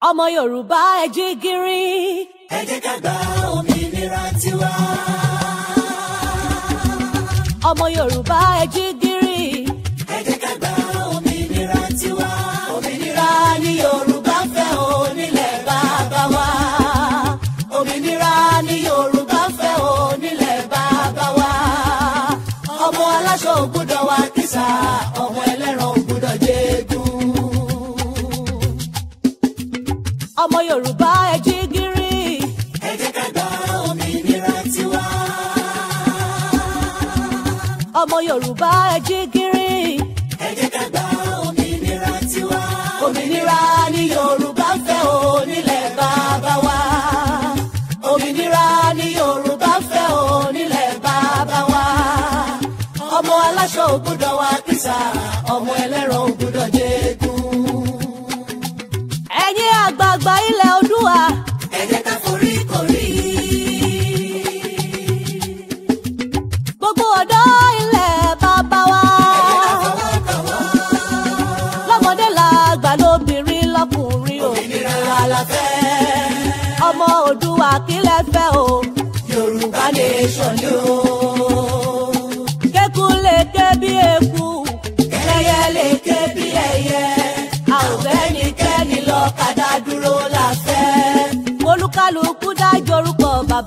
ọmọ yorùbá ẹ jí gìrì. ẹ jẹ́ ká gba òmìnira tiwa ọmọ Yorùbá ẹ jí dé. kó dọ̀wọ́ àkísà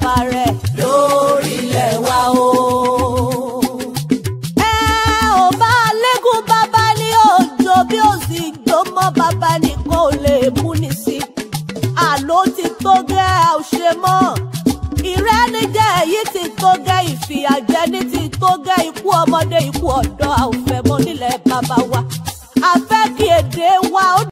bàbá rẹ̀ lórílẹ̀ wa o. ẹ ò bá lẹ́gùn bàbá ní òjò bí ó sì jó mọ́ bàbá ní kò lè mú ní sí i. àló ti tó gẹ́ ẹ ò ṣe mọ́ ìrẹ́nijẹ èyí ti tó gẹ́ ìfìyàjẹni ti tó gẹ́ ikú ọmọdé ikú ọ̀dọ́ àwọn.